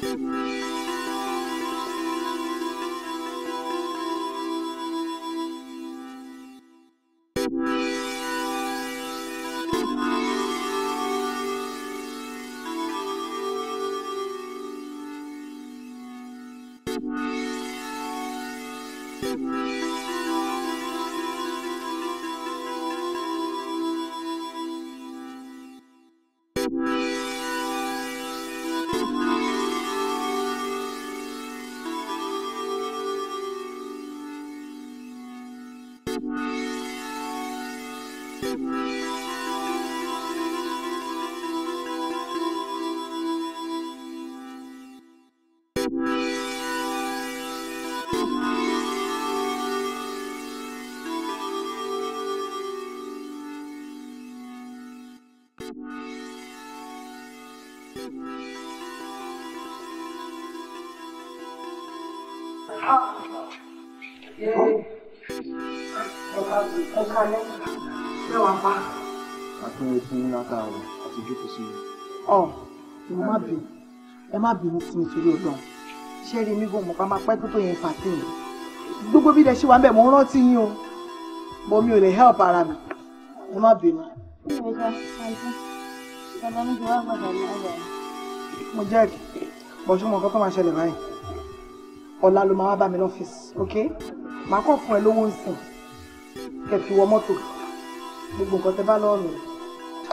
Bye. má bínú sí mi torí Ọlọ́run ṣé rí mi gan mo pa máa pẹ́ tó tó yẹn pàtó yẹn gbogbo bí ilẹ̀ ṣe wà ń bẹ̀ mo ń rántí yín o mo mi ò lè help ara mi ẹ má bínú. mo jẹ́ bọ̀ṣọ́ mọ̀ kọ́kọ́ máa ṣẹlẹ̀ báyìí ọ̀la ló máa wá bá mi lọ́fíìsì ok màá kàn fún ẹ lówó ń sìn kẹ́ fi wọ mọ́tò gbogbo nǹkan tẹ bá lọ́ọ̀nù rẹ̀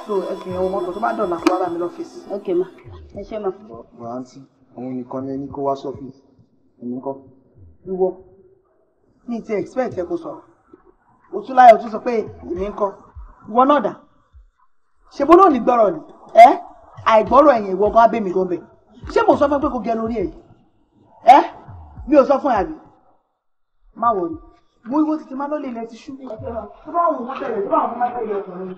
so ẹsìn ẹwọ mọ́tò tó bá dọ̀là kó ara mi lọ́fíìsì. ok ma ẹ ṣe ma. wà á ti àwọn nìkan ní ẹni kó wá sọ́fíìsì ẹni kọ́. ìwọ ní ti expect ẹ kó sọ̀rọ̀ òtún láyọ̀ òtún sọ pé èmi ń kọ́ ìwọ náà dà ṣe bó lónìí gbọ́rọ̀ ni ẹ àìgbọ́rọ̀ ẹ̀yìn ìwọ gan abẹ́mi gan bẹ̀ ṣé mo sọ fún ẹ pé kò gẹ lórí ẹ̀ ẹ mi ò sọ fún ẹ àbí má wọ̀ ni mo ìwọ tètè má lọ́lẹ̀ ilẹ̀ ti ṣú. tó bá wù ú mọ́tẹ̀lẹ̀ tó bá wù ú mọ́tẹ̀lẹ̀ ọkùnrin.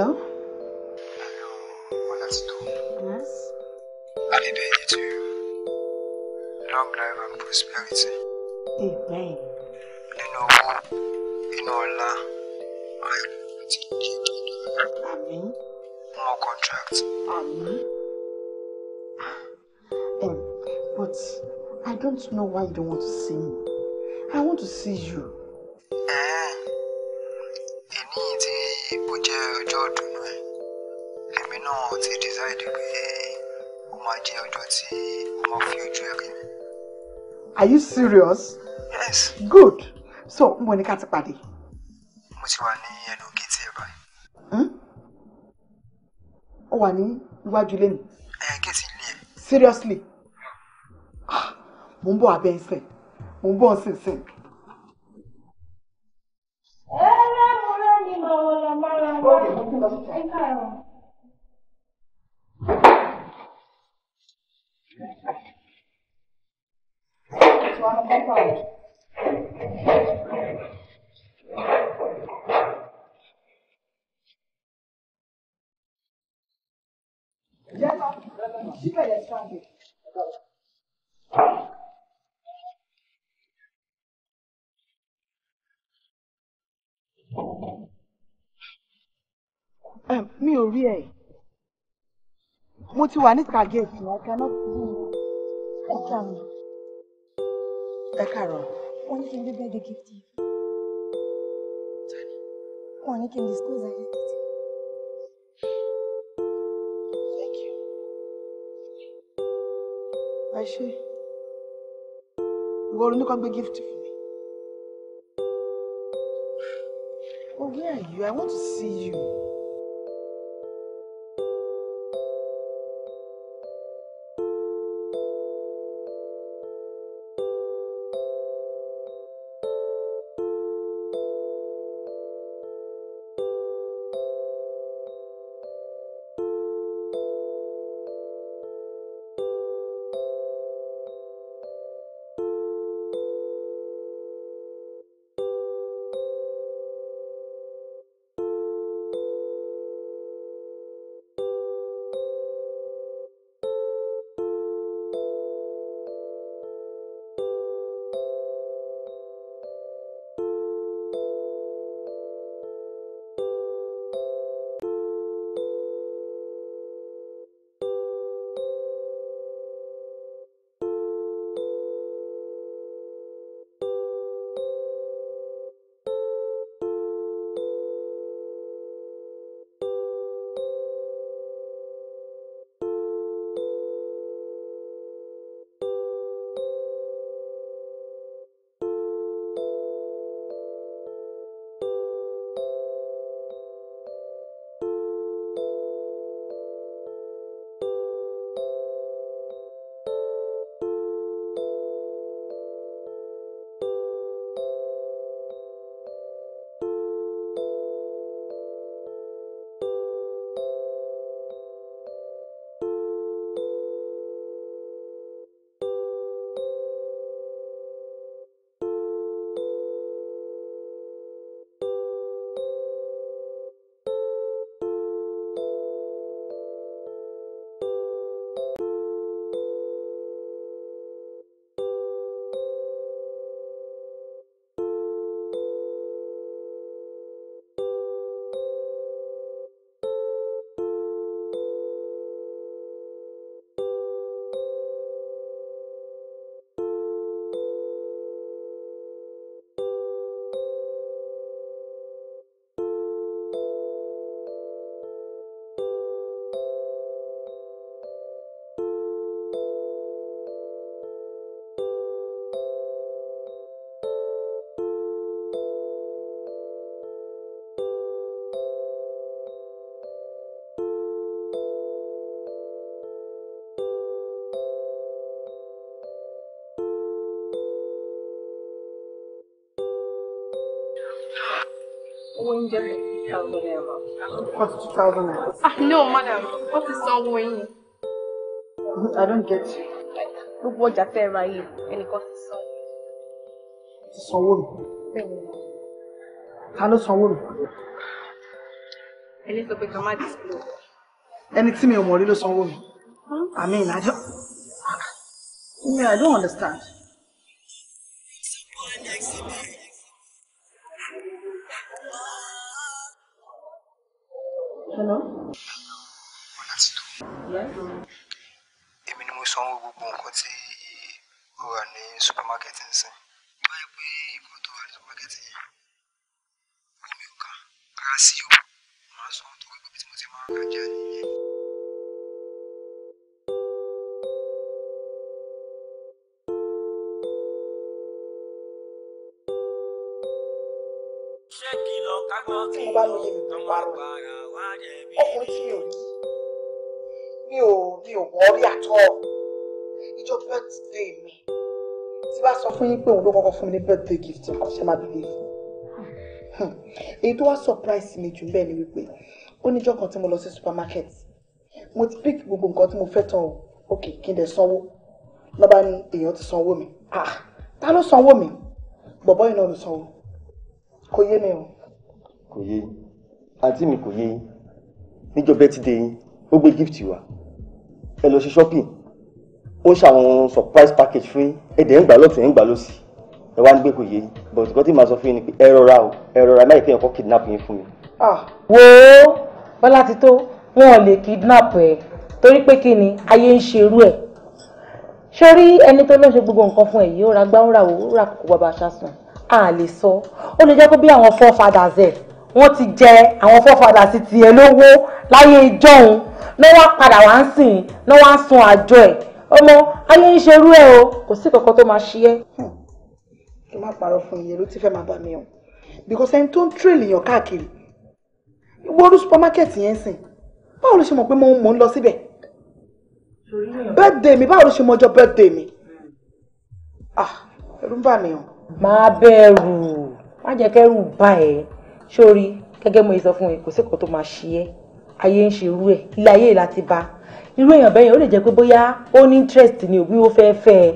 Hello? Hello, what do? Yes? Happy birthday to you. Long life and prosperity. Amen. Nínú owó, nínú ọlá, ayọ̀ àti ìjẹ́jẹ́ ìdára. Àmín. No contract. Àmín. Um, but I don't know why you don't want to see me. I want to see you. jẹ́ ọjọ́ tí o fi ojú ẹ mi. Are you serious? Yes. Good. So mo ní ká ti pàdé. Mo ti wà ní ẹnu géètì ẹ̀ hmm? Ó wà ní iwájú ilé mi. Ẹ géètì ilé ẹ. Seriously? Ah, mo ń bọ̀ abẹ́ ń sìn. Mo ń bọ̀ ń sìn sìn. mi ò rí ẹ mo ti wà níta géètì i cannot see you ẹ káàárọ̀ ẹ káàárọ̀ wọ́n ní kí n gbé bẹ́ẹ̀ de gift wọ́n ní kí n disclose identity. thank you ẹ ṣe ìwọ orin ní kan gbé gift fún. Oh, where are you? I want to see you. oúnjẹ fifty thousand naira. Forty two thousand naira. Ah no madam, What is san owó yín. I don't get you. Look what tẹ́ ẹ ra yìí, ẹnìkan ti san. Ti sanwó mi. Bẹ́ẹ̀ni. Ta ló sanwó mi? Ẹni sọ pé ká má disclose. Ẹni tí mi ò mọ̀ rí ló I mean, I don't, I mean, I don't understand. tí mo bá lọ yé mi mo parọ́ ọkùnrin tí mi ò yí mi ò mi ò wọ́ rí àtọ́ ìjọ birthday mi tí bá sọ fún yín pé òun ló kọ́kọ́ fún mi ní birthday gift kan ṣe máa believe hmm. èyí tó wá surprise mi jù bẹ́ẹ̀ ni wípé ó níjọ́ kan tí mo lọ sí supermarket mo ti pick gbogbo nǹkan tí mo fẹ́ tán o ok kí n dẹ̀ sanwó lọ́ba ni èèyàn ti sanwó mi ah ta ló sanwó mi bọ̀bọ́ yìí náà ló sanwó kò yé mi o kò yé yín àǹtí mi kò yé yín níjọ́ bẹ́tídé yín ó gbé gift wá ẹ lọ ṣe shopping ó ṣàwọn surprise package fún ẹ̀dẹ̀ ń gbà lọ́tún ẹ̀ ń gbà lọ́sì ẹ wá ń gbé kò yé yín but nǹkan tí màá sọ fún yín ni pé ẹ rọra o ẹ rọra láì kéèyàn kọ́ kidnap yín fún mi. Ah, wo bọ́lá ti tó wọn ò lè kidnap ẹ torí pé kí ni ayé ń ṣerú ẹ sórí ẹni tó lọ́ọ́ ṣe gbogbo nǹkan fún ẹ yìí ó ra gbáǹrà ó ra kókó bàbá aṣáṣùn a lè sọ ó lè jẹ́ kó bí àwọn forefathers ẹ̀ wọ́n ti jẹ àwọn fọ́fadà sí tiẹ̀ lówó láyé ìjọ́hun lọ́wọ́ padà wá ń sìn lọ́wọ́ á sun àjọ ẹ̀ ọmọ ayé ń ṣerú ẹ o kò sí kankan tó máa ṣe é. Hmm. kí n má parọ́ fún iye ló ti fẹ́ máa bá mi o because ẹni tó ń tírèlì yàn káàkiri wọ́ọ́rù supermarket yẹn ń sìn báwo ló ṣe mọ̀ pé mo mò ń lọ síbẹ̀ birthday mi báwo ló ṣe mọ ọjọ́ birthday mi hmm. ah ẹ̀rù ń bà mí o. máa bẹ̀rù má jẹ́ kẹ́rù bà ẹ́ sórí gẹ́gẹ́ mo sọ fún ẹ kò sí kò tó máa ṣe ẹ́ ayé ń ṣe irú ẹ̀ ilé ayé láti bá irú èèyàn bẹ́yẹn ó lè jẹ́ pé bóyá ó ní interest ni òbí ó fẹ́ẹ́ fẹ́ ẹ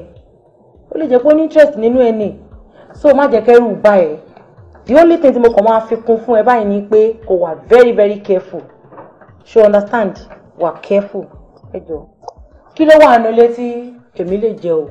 ó lè jẹ́ pé ó ní interest nínú ẹ nì so má jẹ́ kẹ́rù bà ẹ́ the only thing tí mo kàn máa fi kún fún ẹ báyìí ni pé kò wà very very careful ṣe so understand wà careful ẹ jọ kí ló wà nínú ilé tí èmi lè jẹ o.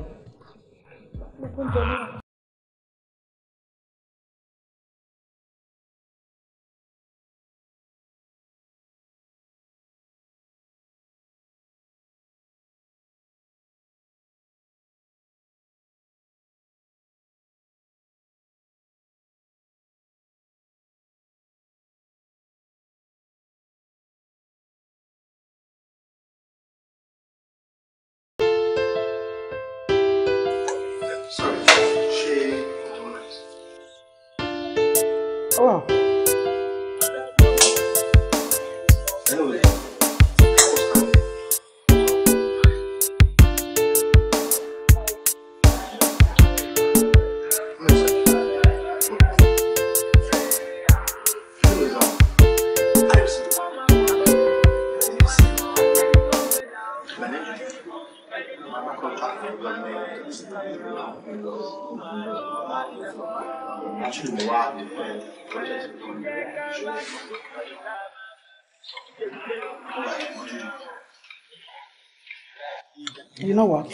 you know what?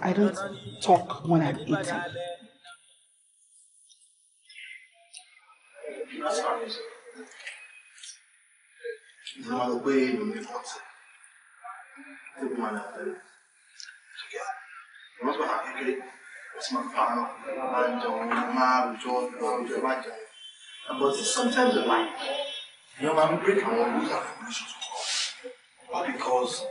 I don't talk when I'm eating. sometimes in life, you know, I'm breaking all those affirmations because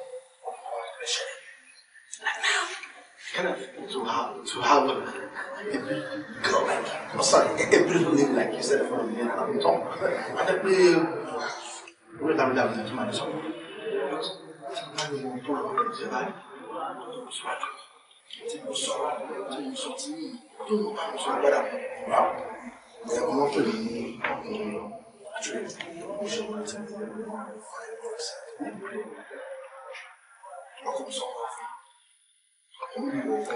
kind of to have to have a, a big girl, like or oh, sorry, a, a beautiful lady like you said from the and talk. And then we we have that to my son. Sometimes we want to talk to like tí mo sọ̀rọ̀ tí mo sọ tí tó mo bá mo sọ gbọ́dọ̀ wá ẹ ọmọ tó ní ọkùnrin lọ àti mo sọ wọn tí mo bá mo sọ ọkùnrin sọ wọn fún mi ṣe mo kó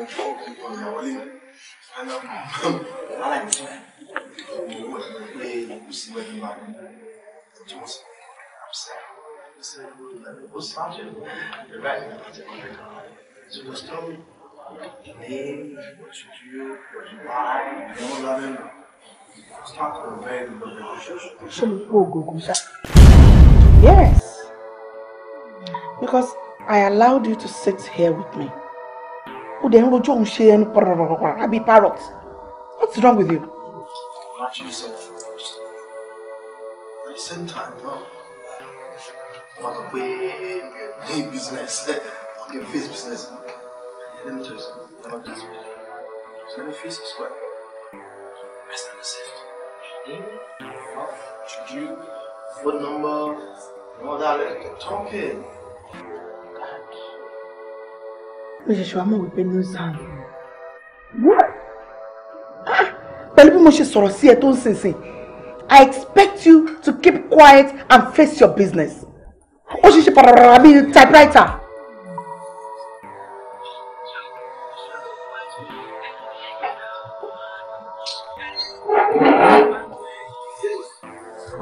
Yes, because I allowed you to sit here with me ó dẹ̀ ń rojọ́ òun ṣe ẹnu pọ̀rọ̀rọ̀rọ̀ àbí parrot what's wrong with you. much yourself first at the same time no wọn kọ pé mi ò business wọn kì face business let me tell you something about this business so let me face it square rest on the safe name mouth juju phone number all that talking mo ṣẹ̀ṣẹ̀ wá mọ̀ wípé new sound ah! pẹ̀lú bí mo ṣe sọ̀rọ̀ sí ẹ tó ń sinsìn I expect you to keep quiet and face your business ó ṣe ṣe pàrọ̀rọ̀ bíi typewriter.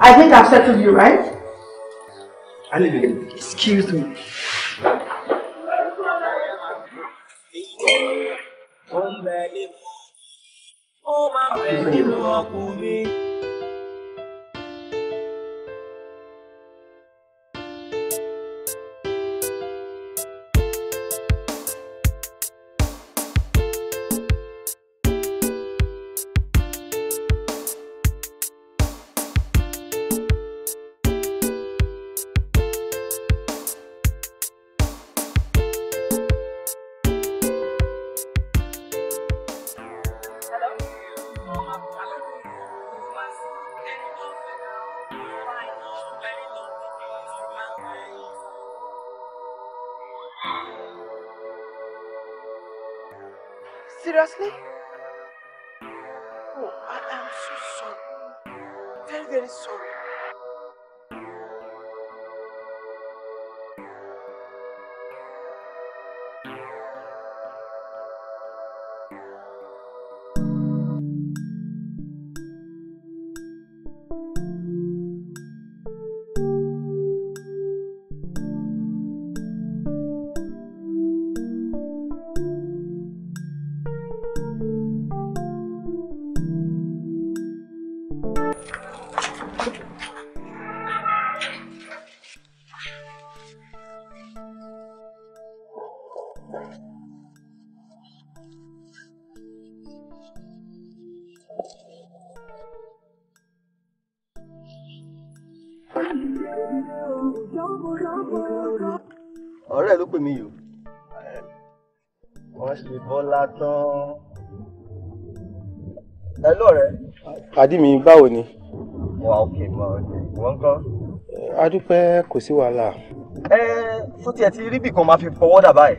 I think I've settled you, right? Excuse me. ó ń bẹ lé ó máa bẹ nínú ọkùnrin. me. dádì mi báwo ni. wà á òkè mọ ọdẹ wọn kọ. a dúpẹ́ kò sí wàhálà. ẹ ṣó tiẹ̀ ti rí bìkan máa fi fọwọ́ dà báyìí.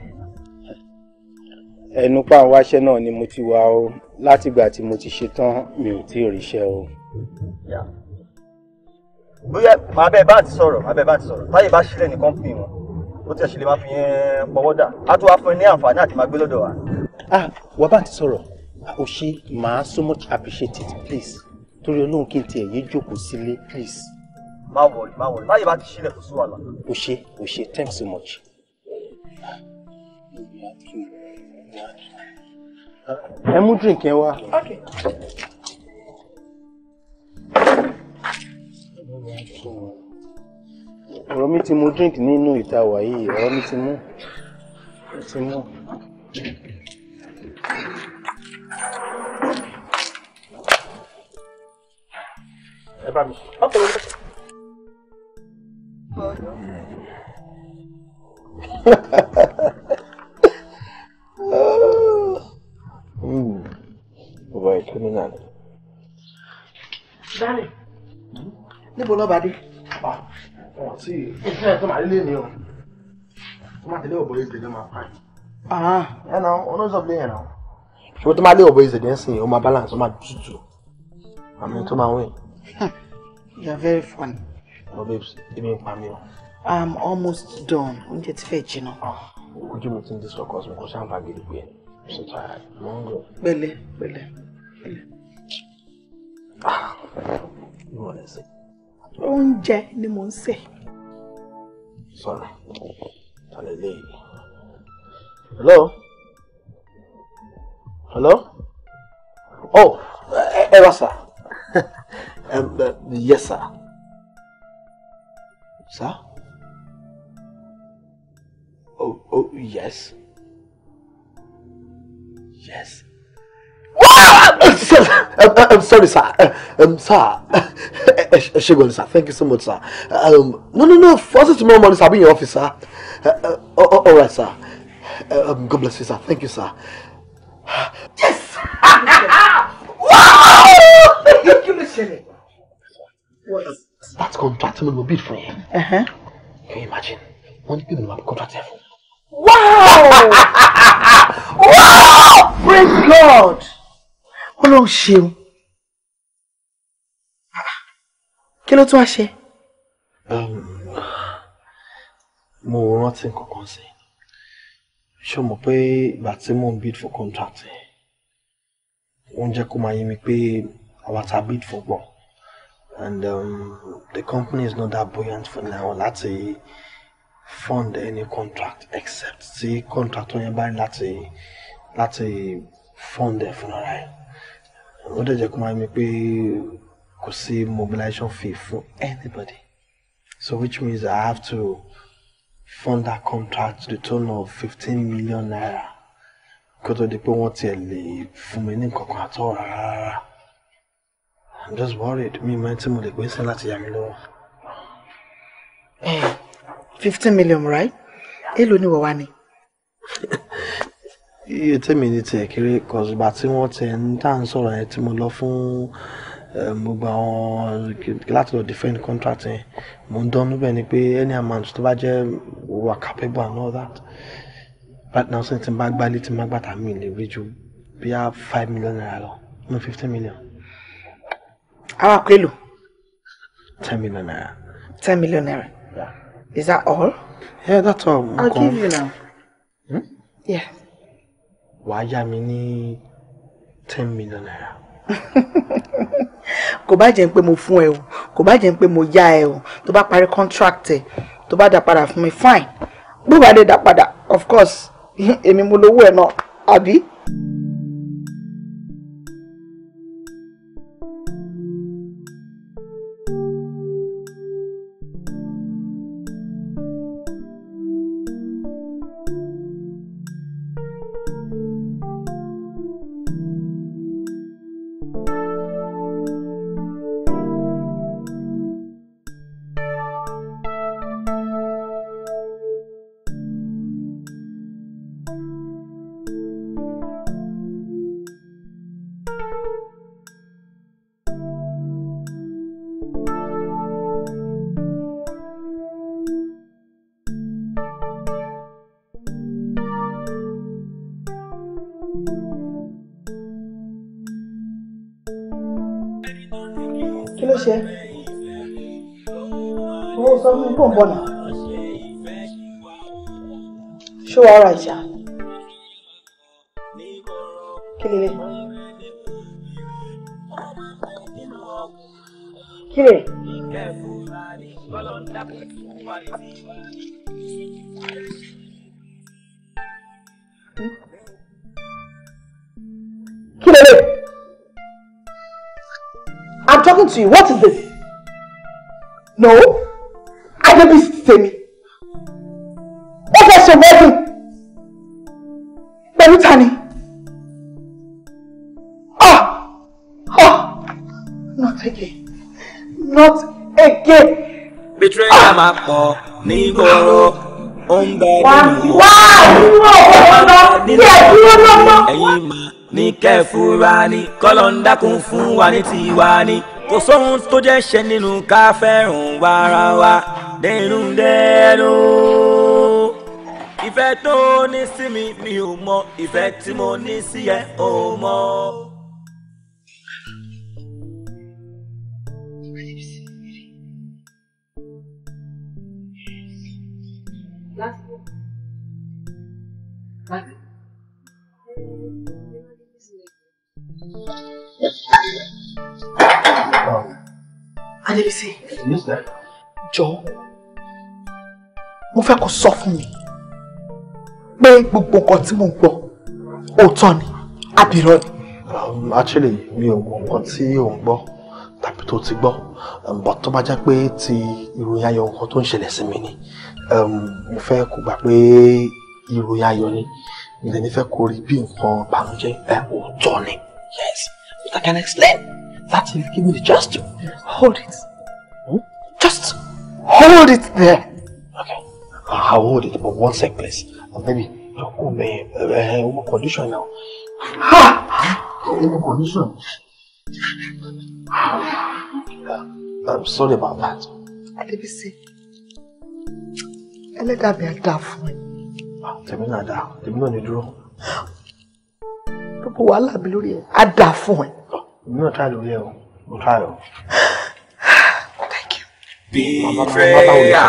ẹnu pa àwọn aṣẹ náà ni mo ti wà o látìgbà tí mo ti ṣetán mi ò tí ì ríṣẹ́ o. bóyá màá bẹ bá ti sọ̀rọ̀ màá bẹ bá ti sọ̀rọ̀ táyé bá ṣílẹ̀ ní kọ́ńpì wọn ó tẹ̀sí lè máa fi yẹn pọwọ́ dà á tún wá fún ẹ ní àǹfààní àti máa gbé lọ́dọ̀ wa. ah wàá bá ti sọ̀rọ̀ ah, o ṣe máa so much appreciated please torí olóhùn kí n tiẹ̀ yé jókòó sílé please. má wọrí má wọrí báyìí bá ti sílẹ̀ kò sí o ṣe o ṣe thanks so much. ẹ mú drink yẹn wá. Okay. ọ̀rọ̀ mi ti mu drink nínú ìta wàyí ọ̀rọ̀ mi ti mu ti mu. ẹ bá mi ṣe. ọkọ mi lọ. ọba ìtúnú náà ni. dálẹ̀ níbo lọ́ba dé. ọ̀ sí ìṣẹ́ tó máa lé ní o tó máa tẹ̀lé ọ̀bọ̀ ìgbẹ́ ló máa pa yìí. ẹ̀ ah. náà ọ̀nà ìṣọ̀bìlẹ̀ yẹn náà. ṣùgbọ́n tó máa lé ọ̀bọ̀ ìṣẹ̀dẹ̀ ń sìn yìí ó máa balance ó máa tutù àmì tó máa wẹ̀. You're very funny. No, babes, give me a meal. I'm almost done. Oúnjẹ ti fẹ́ jiná. Ah, ojú mi ti ń disfocus mi kò sáà ń bá gidi I'm so tired. Mo ń gò. Pẹ̀lẹ́ ah, You want to say? Unje, Oúnjẹ ni mo ń sè. Sọ̀rọ̀, tọ́lẹ̀ Hello? Hello? Oh, ẹ wá Yes, sir. Sir? oh oh yes yes. Ah! I'm I'm sorry, sir. Um, um sir, eh, eh, eh, Shegun, sir. Thank you so much, sir. Um, no, no, no. First tomorrow morning, sir. I'll be in your office, sir. Uh, uh, oh, oh, all right, sir. Uh, um, God bless you, sir. Thank you, sir. Yes! wow! Kí ló ṣẹlẹ̀? That contract man will bid for him. Uh-huh. Can you imagine? One people will be contracted for. Wow! wow! Praise God! Ọlọ́run ṣeun. Kí ló tún wá Um. Mo rántí kankan sí. Ṣé o mọ̀ pé ìgbà tí mò ń bid for contract yẹn? Wọ́n jẹ́ kó máa yé mi bid for gbọ̀n and um, the company is not that buoyant for now láti fund any contract except the contract yẹn bá ní láti láti fund ẹ̀ fúnra ẹ̀ ó dẹ̀ jẹ́ kó máa mi pé mobilization fee for anybody so which means I have to fund that contract to the tune of fifteen million naira Because the people want to leave. lè fún mi ní nǹkan kan I'm just worried Me, my team will mo lè pín sí láti yà mí lọ́wọ́. 15 eh, million right? èlò ni wọ́n wá ni. iye tèmi take it because kọ̀sùgbà tí wọ́n ti ń tà ń sọ̀rọ̀ yẹn tí mo lọ fún eh, gbogbo àwọn láti lọ defend contract yẹn mo ń any amount tó bá jẹ́ wà capable and all that right now since the n bá gbálé tí n bá gbàtà mi lè rí five million naira no fifteen million. Àwa pẹ̀lú. Ten million naira. Ten million naira. Yeah. Is that all? Yeah, that's all. I'll Come. give you now. Hmm? Yeah. Why yá mi ní ten million naira. Kò bá jẹ́ pé mo fún ẹ o, kò bá jẹ́ pé mo yá ẹ o, tó bá parí contract ẹ, tó bá dá padà fún mi fine. Bó bá dé dá padà, of course, èmi mo lówó ẹ náà, àbí? ṣe mo sọ fún mi kó bọ̀ náà ṣó wàá ra ìjà kí lè lè I'm talking to you. What máa pọ̀ nígboro ó ń bẹ nínú ìwà ẹ̀yìn máa ní kẹfura ni kọ́lọ̀ ń dákun fún wa ní tiwa ni kò sóhun tó jẹ́ ṣe nínú ká fẹ́ràn wára wa dẹnu dẹnu ìfẹ́ tó ní sí mi mi ò mọ ìfẹ́ tí mo ní sí ẹ ò mọ. Adébísí. Jọ̀ọ́, mo fẹ́ kó sọ fún mi pé gbogbo nǹkan tí mo gbọ́ òótọ́ ni àbírọ́ ni. Um, actually, mi ò gbọ́ nǹkan tí ò ń gbọ́ tàbí tó ti gbọ́ um, but tó bá jẹ́ pé ti ìròyìn ayọ̀ nǹkan tó ń ṣẹlẹ̀ sí mi ni um, mo fẹ́ kó gbà pé ìròyìn ayọ̀ ni mi lè ní fẹ́ kó rí bí nǹkan bànújẹ́ ẹ̀ òótọ́ ni. Yes, but I can explain. That will give me the just to hold it. Hmm? Just hold it there. Okay, I'll hold it for one sec, please. And maybe your own uh, uh, condition now. Ha! Own condition. I'm sorry about that. Let Let me see. Adébísí, ẹlẹ́dàá mi á dáa tell me not that. Tell me náà ní dúró gbogbo wàhálà mi lórí ẹ á dà fún ẹ. mi náà lórí ẹ o mo tà ẹ o. Bífẹ́ yà.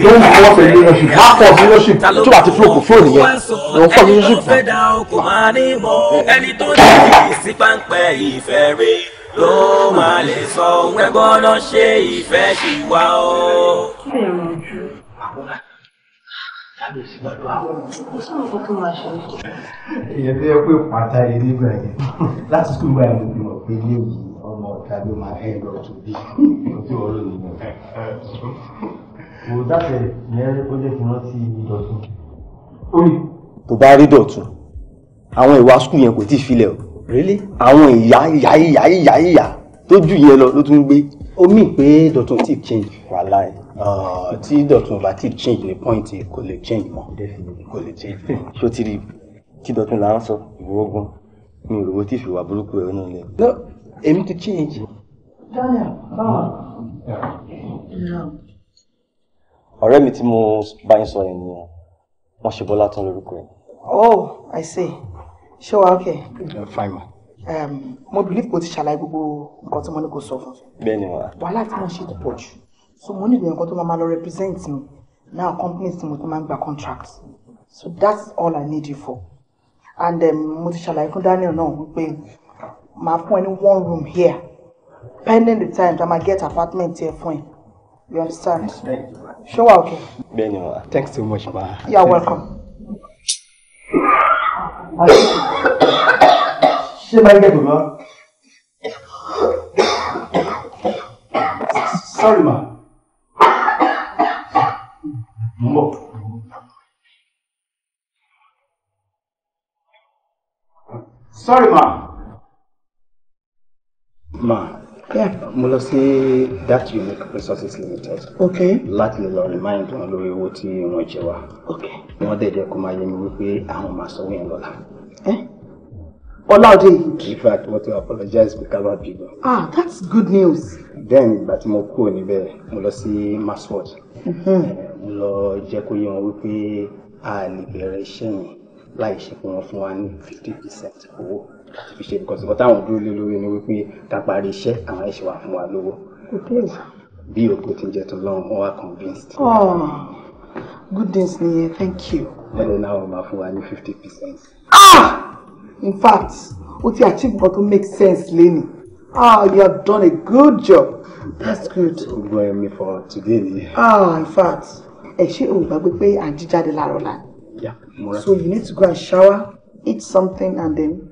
Lóyún leadership, half of leadership tó flow kò flow nìyẹn. Lọ́wọ́ fún leadership ìfẹ́ rí ló sì tó yẹ pé pàtà yìí nígbà yẹn láti sùkúl báyìí mo fi pé ilé yìí ọmọ ọ̀tá ló máa ẹ̀ lọ tó bí ojú ọ̀rọ̀ nìyẹn. òun dáṣẹ ìyẹn ó jẹ́ kí wọ́n ti dọ̀tun. tó bá rí dọ̀tun àwọn ìwà sùkúl yẹn kò tí ì filẹ̀ o. àwọn ìyá ìyá ìyá ìyá ìyá tó jù yẹn lọ ló tún gbé ó mì pé dọ̀tun ti change wàhálà ẹ̀ uh, tí dọ̀tun bá ti change ní point kò lè change mọ́ kò lè change mọ́. ṣó ti rí tí dọ̀tun là ń sọ ìwọ́gbọ́n mi ò rówó tí ìfìwà burúkú ẹ̀ nù lẹ̀. no èmi ti change. ọ̀rẹ́ mi tí mo bá yín sọ yẹn ni wọ́n ṣe bọ́lá tán lórúkọ ẹ̀. oh i see ṣé wàá kẹ́. fine ma. Um, mo believe kò ti ṣàlàyé gbogbo nǹkan tí mo ní kò sọ fún. bẹ́ẹ̀ni wa. wàhálà tí mo ṣe ti pọ̀ jù so mo nílò nǹkan tó máa lọ represent me now Company tí mo ti máa ń gba contract so that's all i need you for and um, mo ti ṣàlàyé fún Daniel náà wípé màá fún ẹ ní one room here pending the time that i ma get apartment here fún ẹ you understand ṣé wà okay. bẹ́ẹ̀ni wa thanks so much ma. you are welcome. Shemaiah Dura. Sorry, ma. Sorry, ma. Ma. Yeah, mo lọ sí that unique resources limited. okay. láti lọ remind wọn lórí owó tí wọ́n jẹ Ok. okay. wọ́n dẹ̀ jẹ́ kó máa yẹ eh Ọláòdé. In fact, mo to apologize because ká má Ah, that's good news. Then but tí mo kúrò níbẹ̀, mo lọ sí Masford. Mm-hmm. Eh, mo lọ jẹ́ kó yé wọn wípé a lè bẹ̀rẹ̀ iṣẹ́ yẹn láì ṣe fifty percent owó láti fi ṣe because ọ̀tá àwọn dúró lé lórí ni wípé ká parí iṣẹ́ àwọn ẹ̀ṣẹ̀ wa fún wa lówó. Bí ògo ti jẹ́ tó lọ́run, wọ́n wá convinced. Oh, good news nìyẹn, thank you. Lẹ́nu náà wọ́n máa fún wa ní fifty percent. Ah! in fact what you achieve got to make sense Lenny. ah you have done a good job that's good. gbogbo ẹ̀ mi for today ni. ah in fact she will o gbàgbé pé à ń jíjáde Yeah, more. so you need to go and shower eat something and then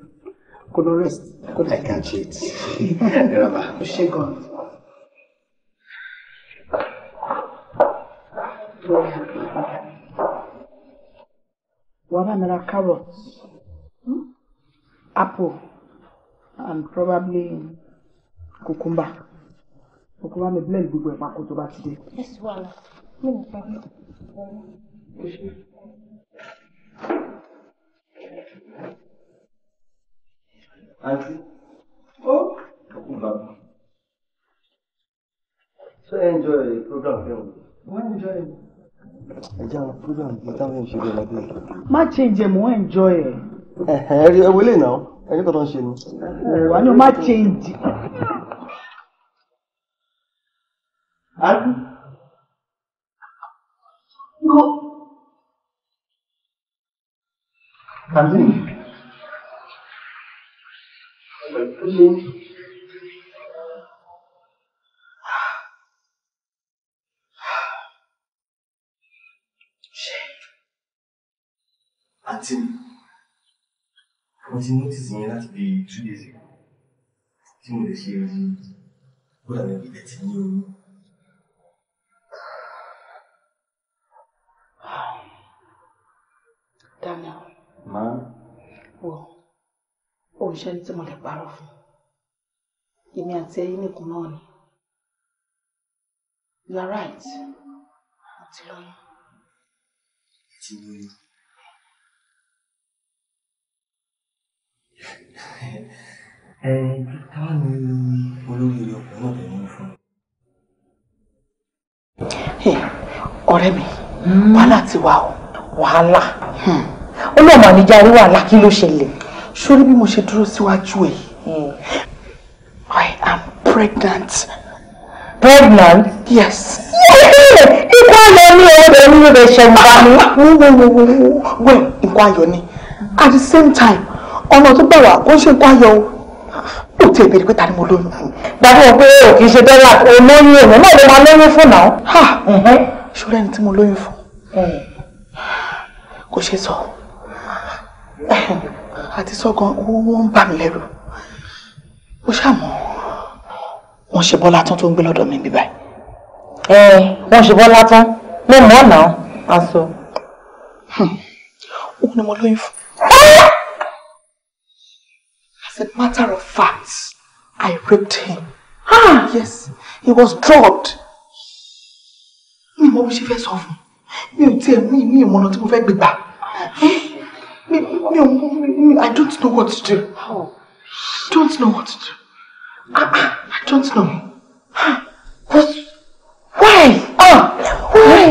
go to rest. Go to I can cheat. ṣe She gone. bá mi ra carrot. Hmm? apple and probably cucumber cucumber mi blend gbogbo ẹ̀ papọ̀ tó bá ti dé. ẹ sì wà lọ mi ò fẹ́ àǹtí enjoy the program fẹ́ wọn. wọ́n enjoy ẹ̀. ẹ jẹ́ àwọn program tí táwọn èèyàn ṣe lọ́dún. má change ẹ̀ mọ́ enjoy ẹ̀ ẹ rí ẹwọ ilé ìnáwó ẹni tó tó ń ṣe ni. wà ní o má change. Continue. Continue. Continue mo ti notice yẹn láti bí two days ago tí mo lè ṣe rí ó dàbí ilẹ̀ tí ní oyún. Daniel. Má. Wọ, òun ṣe ní tí mo lè parọ́ fún. Èmi àti ẹyin nìkan You are right. Mo ti lóyún. Mo Ọ̀rẹ́ mi, wàhálà ti wà o, wàhálà. Ó lọ́ọ́ mà níjà rí wàhálà kí ló ṣẹlẹ̀. Ṣórí bí mo ṣe dúró síwájú ẹ̀. I am pregnant. Pregnant? Yes. Ikú ayọ̀ ni ọ̀rẹ́ mi rẹ̀ ṣẹ̀ ń bá mi. Wẹ́wẹ́wẹ́wẹ́ nǹkan ayọ̀ At the same time, ọ̀nà tó gbà wá kó ṣe nǹkan ayọ̀ o ò tí ì béèrè pé ta ni mo lóyún fún. gbàgbọ́ pé o kì í ṣe dọ́là olóyún òun náà ló máa lóyún fún náà. ṣòro ẹni tí mo lóyún fún hmm. kò ṣe sọ àti sọ́gan wọ́n ń bà mí lẹ́rù ó ṣàmọ́ wọ́n ṣe bọ́lá tán tó ń gbé lọ́dọ̀ mi bíbá ẹ̀. ẹ wọ́n ṣe bọ́lá tán mo mọ̀ ọ́ náà aṣọ. òun hmm. ni mo lóyún fún. As a matter of fact, I raped him. Ah, yes, he was drugged. Me mọ bí ṣe of me. Me tell me me tiẹ̀ ní ní ìmọ̀nà tí mo fẹ́ gbé gbà. Mi mi ò I don't know what to do. I don't know what to do. I, I, I don't know. What? Why? Ah, why?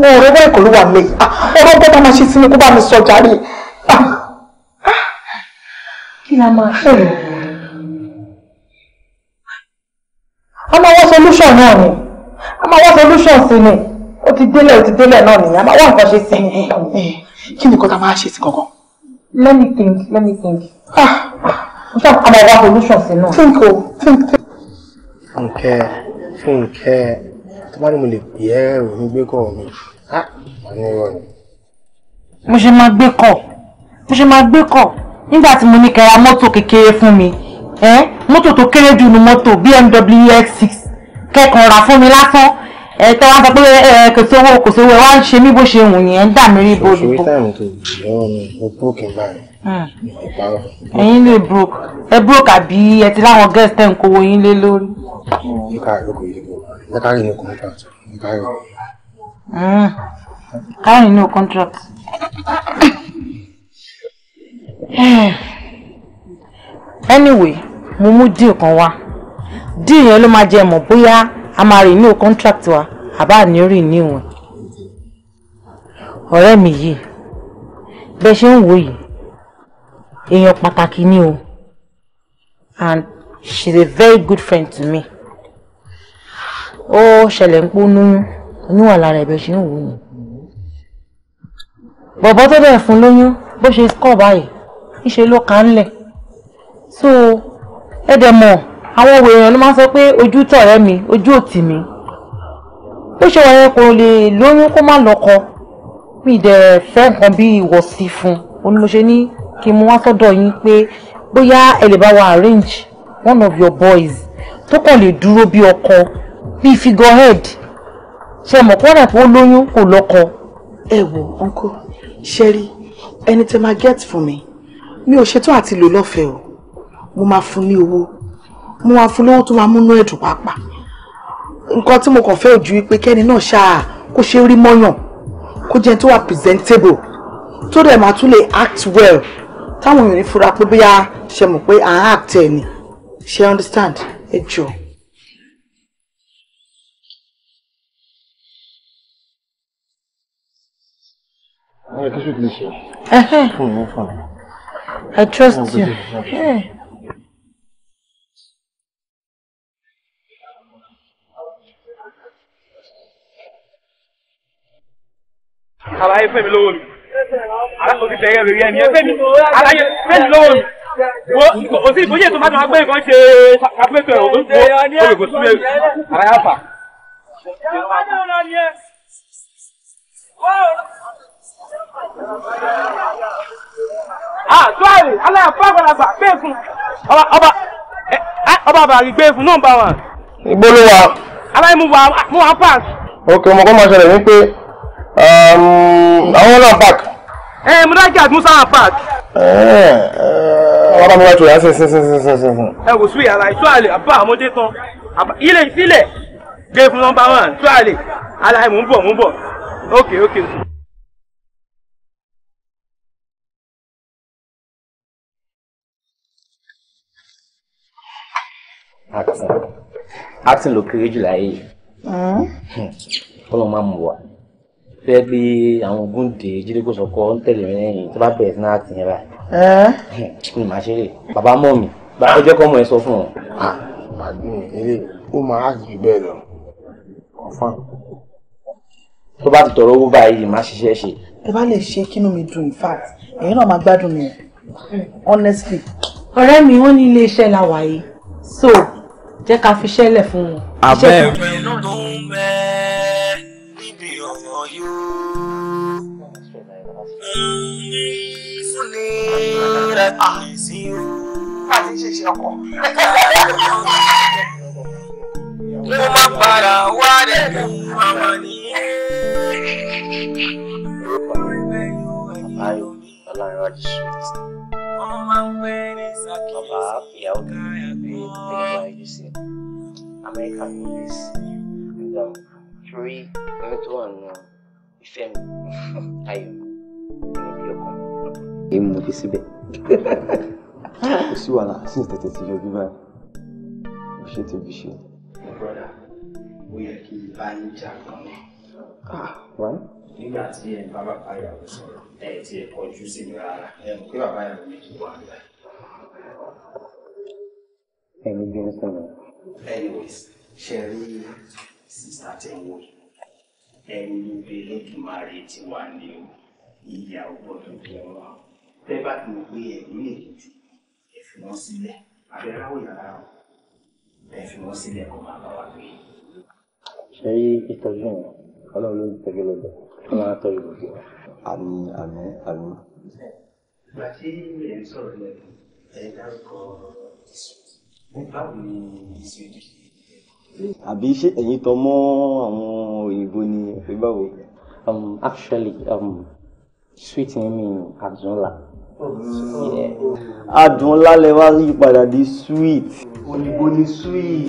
Wọ́n ọ̀rọ̀ wáìkọ̀ ló wà mí. Ah, ọ̀rọ̀ bọ́ta máa ṣe sí ni kó bá mi sọ jàre. Ah kí la máa sọ̀rọ̀ a máa wá solution náà ni a máa wá solution sí ni ó ti délẹ̀ ó ti délẹ̀ náà nìyẹn a máa wá nǹkan ṣe sí ni. kí ni nǹkan tá a máa ṣe sí gangan. let me think let me think ah mo ṣáà a máa wá solution sí náà. think o think think. Fúnkẹ́ Fúnkẹ́ tó bá ní mo lè pè ẹ́ ò ní gbé kọ́ mi ah mà ní irọ́ ni. mo ṣe máa gbé kọ́ mo ṣe máa gbé kọ́ nígbà tí mo ní kẹra mọ́tò kékeré fún mi mọ́tò tó kéré jù ní mọ́tò BMW X6 kẹ́kọ̀ọ́ ra fún mi lásán ẹ tẹ́ wá sọ pé ẹ kò sówó kò sówó ẹ wá ń ṣe mí bó ṣe wù yẹn ń dà mí rí bó dùn. Hmm. ẹ̀yin lè broke ẹ broke àbí ẹ ti láwọn guest ten kówó yín lé lórí. káyọ̀ ní o hmm. contract. anyway mo mú díì kan wá díì yẹn ló máa jẹ́ mọ̀ bóyá a máa renew contract wa àbá ní renew wọn ọ̀rẹ́ mi yìí bẹ́ẹ̀ ṣe ń wò yìí èèyàn pàtàkì ni o and she's a very good friend to me ó ṣẹlẹ̀ ń pónú níwà lára ẹ̀bẹ̀ ṣe ń wò yìí bọ̀bọ̀ tó bẹ̀ fún lóyún bó ṣe kọ̀ báyìí ńṣe ló kà ń lẹ̀ so ẹ dẹ̀ mọ̀ àwọn òwe èèyàn ló máa ń sọ pé ojú tọ̀rẹ́ mi ojú òtì mi ó ṣe wọ̀nyẹn kò lè lóyún kó má lọ́kọ mi dẹ̀ fẹ́ nǹkan bí ìwọ̀sí fún un òun ni mo ṣe ní kí n mú wá sọ́dọ̀ yín pé bóyá ẹ lè bá wa arrange one of your boys tó kàn lè dúró bí ọkọ bí figure head ṣe mọ̀ kó rẹ̀ pé ó lóyún kò lọ́kọ. ẹ wo uncle sherry Anything I get for me? mi ò ṣetán àti lò lọ́fẹ̀ẹ́ o mo máa fún ní owó mo máa fún lówó tó máa múnú ẹ̀dùn pàápàá nǹkan tí mo kàn fẹ́ ojú wípé kẹ́ni náà ṣáà kó ṣe rí mọ́yàn kó jẹ́ tó wà presentable tó dẹ̀ máa tún lè act well táwọn èèyàn ní fura pé bóyá ṣe mọ̀ pé à ń act ẹ̀ ni ṣe understand ẹ jọ. Ẹ kí ṣùgbọ́n ṣe. Fún mi, fún mi. I trust you. Yeah. Àlàyé fẹ́ mi lówó mi. Alákòókè tẹ̀yẹ rèé ẹni ẹ fẹ́ mi àlàyé fẹ́ mi lówó mi. Wo òsì ìbòjì ètò máa tó máa gbé ṣe kápẹ́tọ̀ ẹ̀ òdòdó olùkó sí mi àlàyé àfà. Wọ́n àtúwárì aláàfáà àgbàlagbà gbé fún ọba ọba ọba àbàrí gbé fún nọ́mbà wọn. ìgbóluwa. aláì mú wa mú wa pass. ok mo kọ́ máa ṣẹlẹ̀ ní pé um, àwọn náà park. ẹ múdájà musa park. ọba mi wá tó yà sí sí sí sí sí. ẹ wò sùn yàrá ìtú àlè àbá àmọ́dé tán ilé ìsílẹ̀ gbé fún nọ́mbà wọn ìtú àlè aláì mú bọ̀ mú bọ̀ ok ok. acting acting ló kéré jù láyé yìí hmm. ọlọ́run máa mú wa fẹ́ pé àwọn gúndé jídégò sọkọ ń tẹ̀lé mi lẹ́yìn tó bá bẹ̀rẹ̀ sí náà tì yẹn báyìí mi máa ṣeré bàbá mọ̀ mi bàbá ọjọ́ kọ́ mọ̀ ẹ sọ fún ọ. Ah, àdúgbò eré ó máa á jù bẹ́ẹ̀ lọ ọ̀fọ̀n. tó bá ti tọrọ owó báyìí má ṣiṣẹ́ ṣe. ẹ bá lè ṣe kínú mi dùn in fact èyí náà máa gbádùn mi honestly. ọ̀rẹ́ mi wọ́n ní ilé iṣẹ́ la wà yìí so jẹ́ ká fi ṣẹ́lẹ̀ fún wọn. abẹ́ mi ló ń bẹ níbi ọ̀rọ̀ yóò fún rẹ̀ àìsí máa padà wá Ayo, Ọlọ́run ajé Bàbá ìyàwó mi gbé ẹgbẹ́ ayé sí Amẹ́ríkà ní ìrẹsì. Um, torí ẹni tó wà nù ìfẹ́ mi, ayọ̀ mi bí ọkàn mi lọ́dọ̀. Èmi mo fi síbẹ̀. Kò sí wàhálà sí ìtẹ̀tẹ̀ ti yọjú báyìí. Mo ṣe ti fi ṣe. Brother, ó yẹ kí ibà ń jà gan-an. Ah, why? nígbà tí ẹ̀ ń bá bàbá ìyàwó sọ̀rọ̀ ẹ̀ tí ẹ̀ kọjú sí mi rárá ẹ̀ mọ̀ pé bàbá ìyàwó mi ti wà níbẹ̀. ẹni bí ó sọ̀rọ̀. anyways ṣe rí sísá tẹ̀ wò ẹni bí Elédùmarè ti wà ní o ìyá ò gbọ́dọ̀ bí ọmọ tẹ́ bá ti mọ̀ pé ẹ̀mí èkìtì ẹ̀ fi wọ́n sílẹ̀ àbẹ̀ráwò yàrá ẹ̀ fi wọ́n sílẹ̀ kó máa bá wa gbé. ṣé ìtọ́jú ọlọ́run ló wọn á ẹ̀yin tọ́ mọ́ àwọn òyìnbó ni àbí báwo. actually, um, sweet name in Adunla. Adunla lè wá yí padà di sweet. Òyìnbó ni sweet.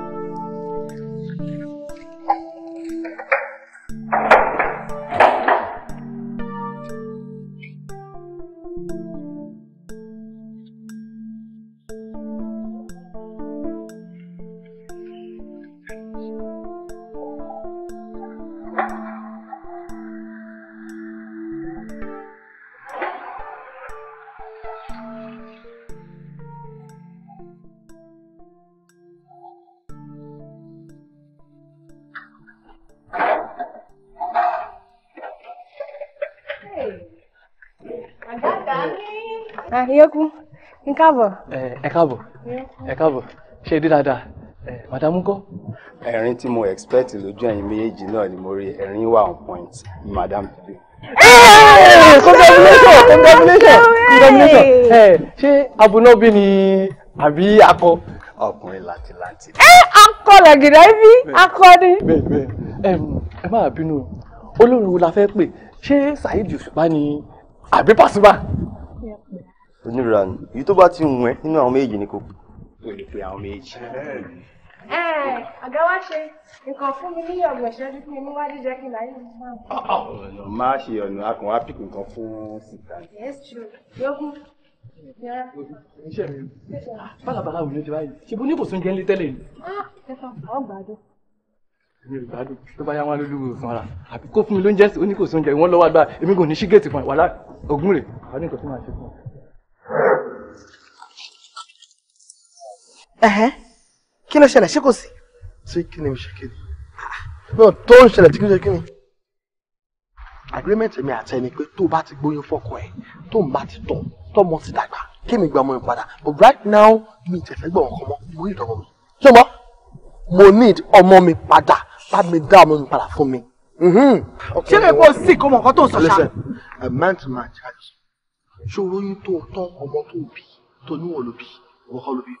káàbọ̀. ẹ káàbọ̀ ẹ káàbọ̀ ṣe dé dáadáa madam ńkọ́. ẹ̀rín tí mo expect lójú ẹ̀yin méjèèjì náà ni mo rí ẹ̀rín wà on point madam pipi. congratulation congratulation congratulation ṣé abunabi ni àbí akọ. ọkùnrin làtìlàtì. ẹ akọ làgìdá ibi akọ ni. bẹ́ẹ̀ bẹ́ẹ̀ ẹ má bínú olórin wo la fẹ́ pè ṣé Saheed Òṣùpá ni àbí Pasuma onírúurú ni èyí tó bá ti wù ẹ́ nínú àwọn méjì ni kò kù. o lè pe àwọn méjì. ẹ ọ̀gá wá ṣe nǹkan fún mi ní ọ̀gbìn ìṣẹ́jú fún mi mú wá jíjẹ kí n láyé mi fún mi. Ah, ah, má ṣe ọ̀nà akàn wá pìkì nǹkan fún síta. yes true yógún. iṣẹ́ mi bálabàlà òní ti báyìí ṣe bó ní kò sóúnjẹ ńlẹ tẹ́lẹ̀ ni. Ah, ọgbàdo mi ò gbádùn tó bá yá wọn lólúwo fún ara àbí kó fún mi lóúnjẹ ó ní kò sóúnjẹ ìwọ́n lọ́wọ́ àgbà èmi kò ní ṣígẹ̀tì fún ẹ̀ wàhálà ògùn rè wàhálà nǹkan tó máa ṣe fún ọ ẹ̀hẹ́ kí ló ṣẹlẹ̀ ṣé kò sí. ṣé kí ni mo ṣe kí ni náà tó ń ṣẹlẹ̀ tí kí ló ṣe kí ni. agreement mi àti ẹni pé tó o bá ti gbóyún fọkọ ẹ tó o bá ti tọ tọmọ ti dàgbà kí mi gba ọmọ mi padà but right now mi ì tẹ̀fẹ́ gbọ́ ọkọ mọ́ mo ní ìdánwò mi. ṣé o mọ̀ mo need ọmọ mi padà bá mi dá ọmọ mi padà fún mi. Mm-hmm. ṣé lè kó o sì kó tó ń sọ listen a man to man ṣó tó tán ọmọ tó bí tó níwọ̀n ló bí ọkọ ló bí.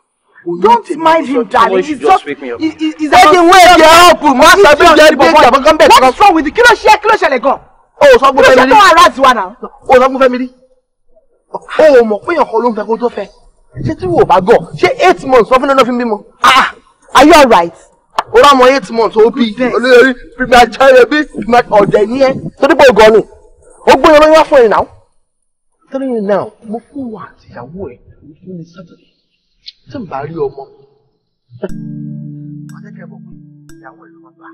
Don't mind him, darling. He's just waking up. He's taking way to help him. What's up with the baby? What's wrong with the kilo share? Kilo share ló ṣẹlẹ̀ gan? O ò sọ fún Fẹ́mi rí. Kí ló ṣe tó ara tiwa náà? O ò sọ fún Fẹ́mi rí. O ò pé ọkọ ló ń fẹ́ kó tó fẹ́. Ṣé tí wò bá gọ̀? Ṣé eight months wọ́n fi lọ́nà fi ń Ah, Are you alright? O rà mọ eight months o bí olórí bí mi àjọ rẹ̀ bí ọ̀dẹ̀ ní ẹ. Torí pé o gọ̀ ni. O gbé olóyún wá fún ẹ̀ náà telling you now mo fún wa àtìyàwó ẹ mo fún ní sátọdẹ tí n bá rí ọmọ. wọ́n jẹ́ kẹ́ pé ìyàwó ẹ̀ ló wá bá.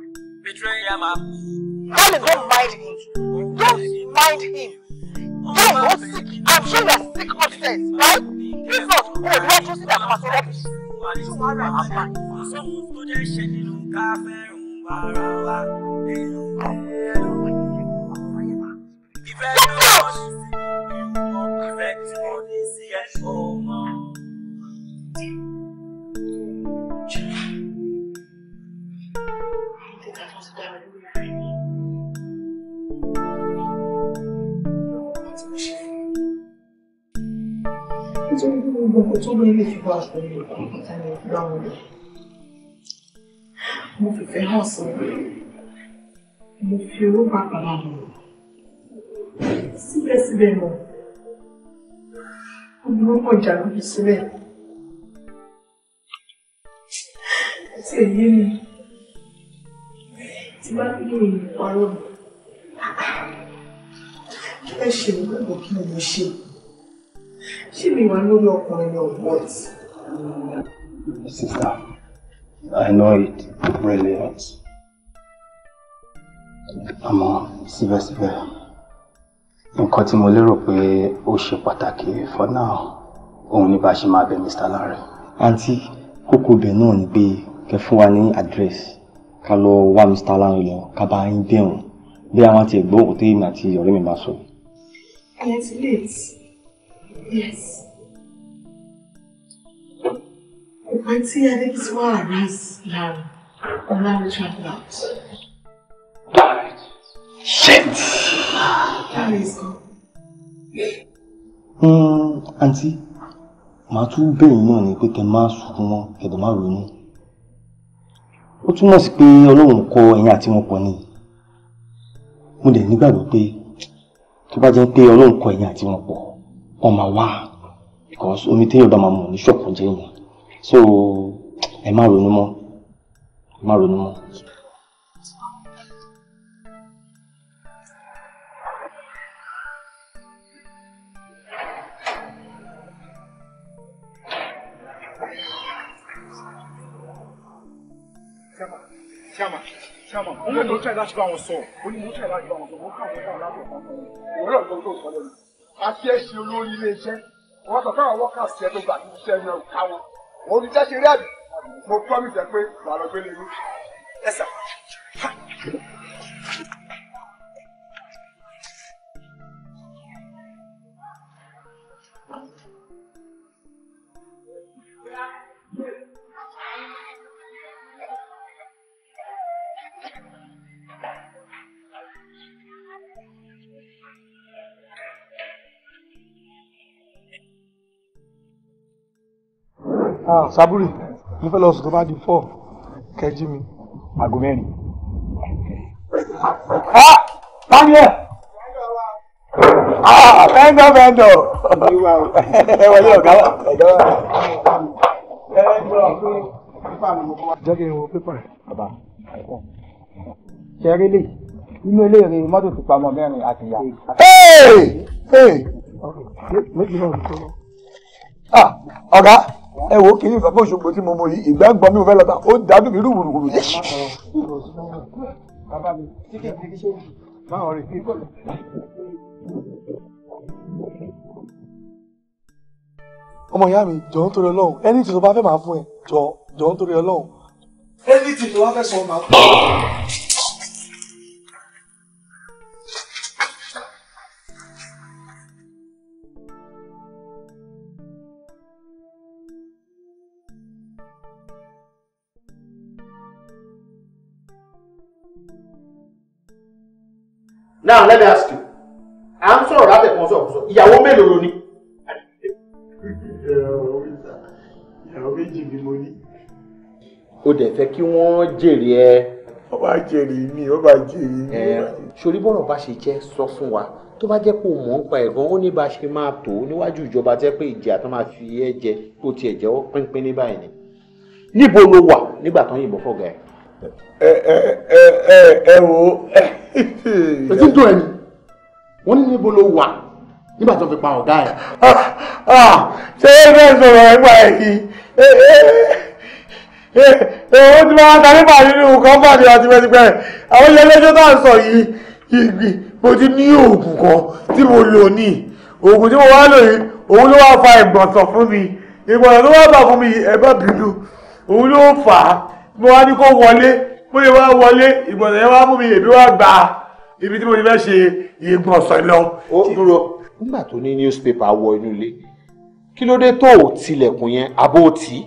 betrayal ma. darling don't mind him don't mind him don't go sick i'm sure you are sick of sense right if not o lè wá tó sí ìdàgbà pàṣẹ lẹ́bi. tí wọ́n rẹ̀ á bá. sóhun Mo fìfẹ́ hàn sí mo fi owó pàpàlà hàn síbẹ̀síbẹ̀ náà olùkọ́ ìjà ló fi sílẹ̀ àti èyí ni tí bá ní èyí parọ́ mi kí ẹ ṣe ìgbàgbọ́ kí mo ṣe ṣé mi wà lórí ọkùnrin ni ọ̀pọ̀t. Sister, I know it really hurts. Àmọ́ síbẹ̀síbẹ̀ nǹkan tí mo lérò pé ó ṣe pàtàkì for now òun ni bá ṣe máa bẹ Mr. Larry. àǹtí kókó ibẹ̀ náà ni pé kẹ́ fún wa ní àdírẹ́sì ká lọ wá Mr. Larry lọ ká bá yín bẹ̀rùn bí àwọn àti ẹ̀gbọ́n òkúté èmi àti ọ̀rẹ́ mi máa sọ. let's late yes. ìpàtí adébísí wà rà sí lára ọ̀la richard lott. Shit! Hmm, aunty, tún bẹ̀yìn náà ni pé kẹ máa sunkún mọ́ kẹ̀dẹ̀ máa ronú. Ó must sí alone, call kọ ẹ̀yin àti wọn Money, ni. Mo dẹ̀ nígbàgbọ́ pé tó bá jẹ́ pé Ọlọ́run kọ ẹ̀yin àti wọn pọ̀, Oh my wá. Because omi téèyàn bá máa mọ̀ ní ṣọ̀kan jẹ́ èèyàn. So ẹ má ronú mọ́. Ẹ chairman chairman ó ní mo try láti bá wọn sọ ó ní mo try láti bá wọn sọ mo kà wọn náà láti ọkàn wọn ìwọ náà gbọ́dọ̀ sọ lẹ́nu àti ẹsẹ olórí iléeṣẹ́ wọn sọ fáwọn workers yẹn tó gbà ní iṣẹ́ náà ká wọn òun ti jẹ ṣe rí àbí mo promise ẹ pé wàá lọ gbélé mi. ẹ sà sábúrì mo fẹ́ lọ sùn tó bá di four kẹjí mi. aago mẹ́rin. a ah! daniel a vendor vendor ẹ wọlé ọ̀gá wa. jẹ́ kí n wo pépà rẹ̀. bàbá ṣe rí lè inú ilé rẹ̀ mọ́tò tó pamọ́ mẹ́rin àti ìyá. Ah, ọ̀gá ẹ wo kiri ìfàfẹ́ òṣogbo tí mo mọ yìí ìgbàgbọ́ mi ò fẹ́ lọ́ta ó dàdú mi rúwùrùwùrù yìí. ọmọ ìyá mi jọ ń torí ọlọ́run ẹni tí tó bá fẹ́ máa fún ẹ jọ jọ ń torí ọlọ́run ẹni tí tó bá fẹ́ sọ máa fún ẹ. now let me ask you à ń sọ̀rọ̀ láti ẹ̀kọ́ sọ̀rọ̀ sọ̀rọ̀ ìyàwó mélòó ló ní. ìyàwó méjì ni mo ní. o dẹ̀ fẹ́ kí wọ́n jèrè ẹ. wọ́n bá jèrè mi wọ́n bá jèrè mi. sori bọ́rọ̀ bá ṣe jẹ́ sọ fún wa tó bá jẹ́ pé o mọ̀ ń pa ẹ̀gán ó ní bá a ṣe máa tó níwájú ìjọba jẹ́ pé ìjìyà tó máa fi ẹ jẹ tó tiẹ̀ jẹ́wọ́ pínpín ní báyìí ni. níbo lo wà nígbà tó ń yìnbọn fọ̀gá ẹ̀ ẹ ẹ ẹ ẹ wo. ètí ń dùn ẹni wọn ní níbo ló wà nígbà tó fi pa ọ̀gá ẹ̀. Ah, ah, ṣé ẹ bẹ́ẹ̀ sọ̀rọ̀ ẹgbà ẹ̀yìn ó ti máa ta nípa nínú kọ́ńpàdé àti pẹ́tipẹ́ àwọn ilé ẹlẹ́jọ́ tá à ń sọ yìí ìgbì mo ti ní oògùn kan tí mo lò ní oògùn tí mo wá lò yìí òun ló wá fa ìgbọ̀nsọ̀ fún mi ìgbọ̀nsọ̀ tó wá bà fún mi ẹ bá bínú òun ló fà á mo wá ní kó wọlé mo lè wá wọlé ìgbọ̀nsẹ̀ yẹn wá mú mi èmi wá gba ibi tí mo ti fẹ́ ṣe ìgbọ̀nsẹ̀ lọ. ó dúró nígbà tó ní newspaper wọ inú ilé kí ló dé tó ò tilẹ̀kùn yẹn àbó ò tí.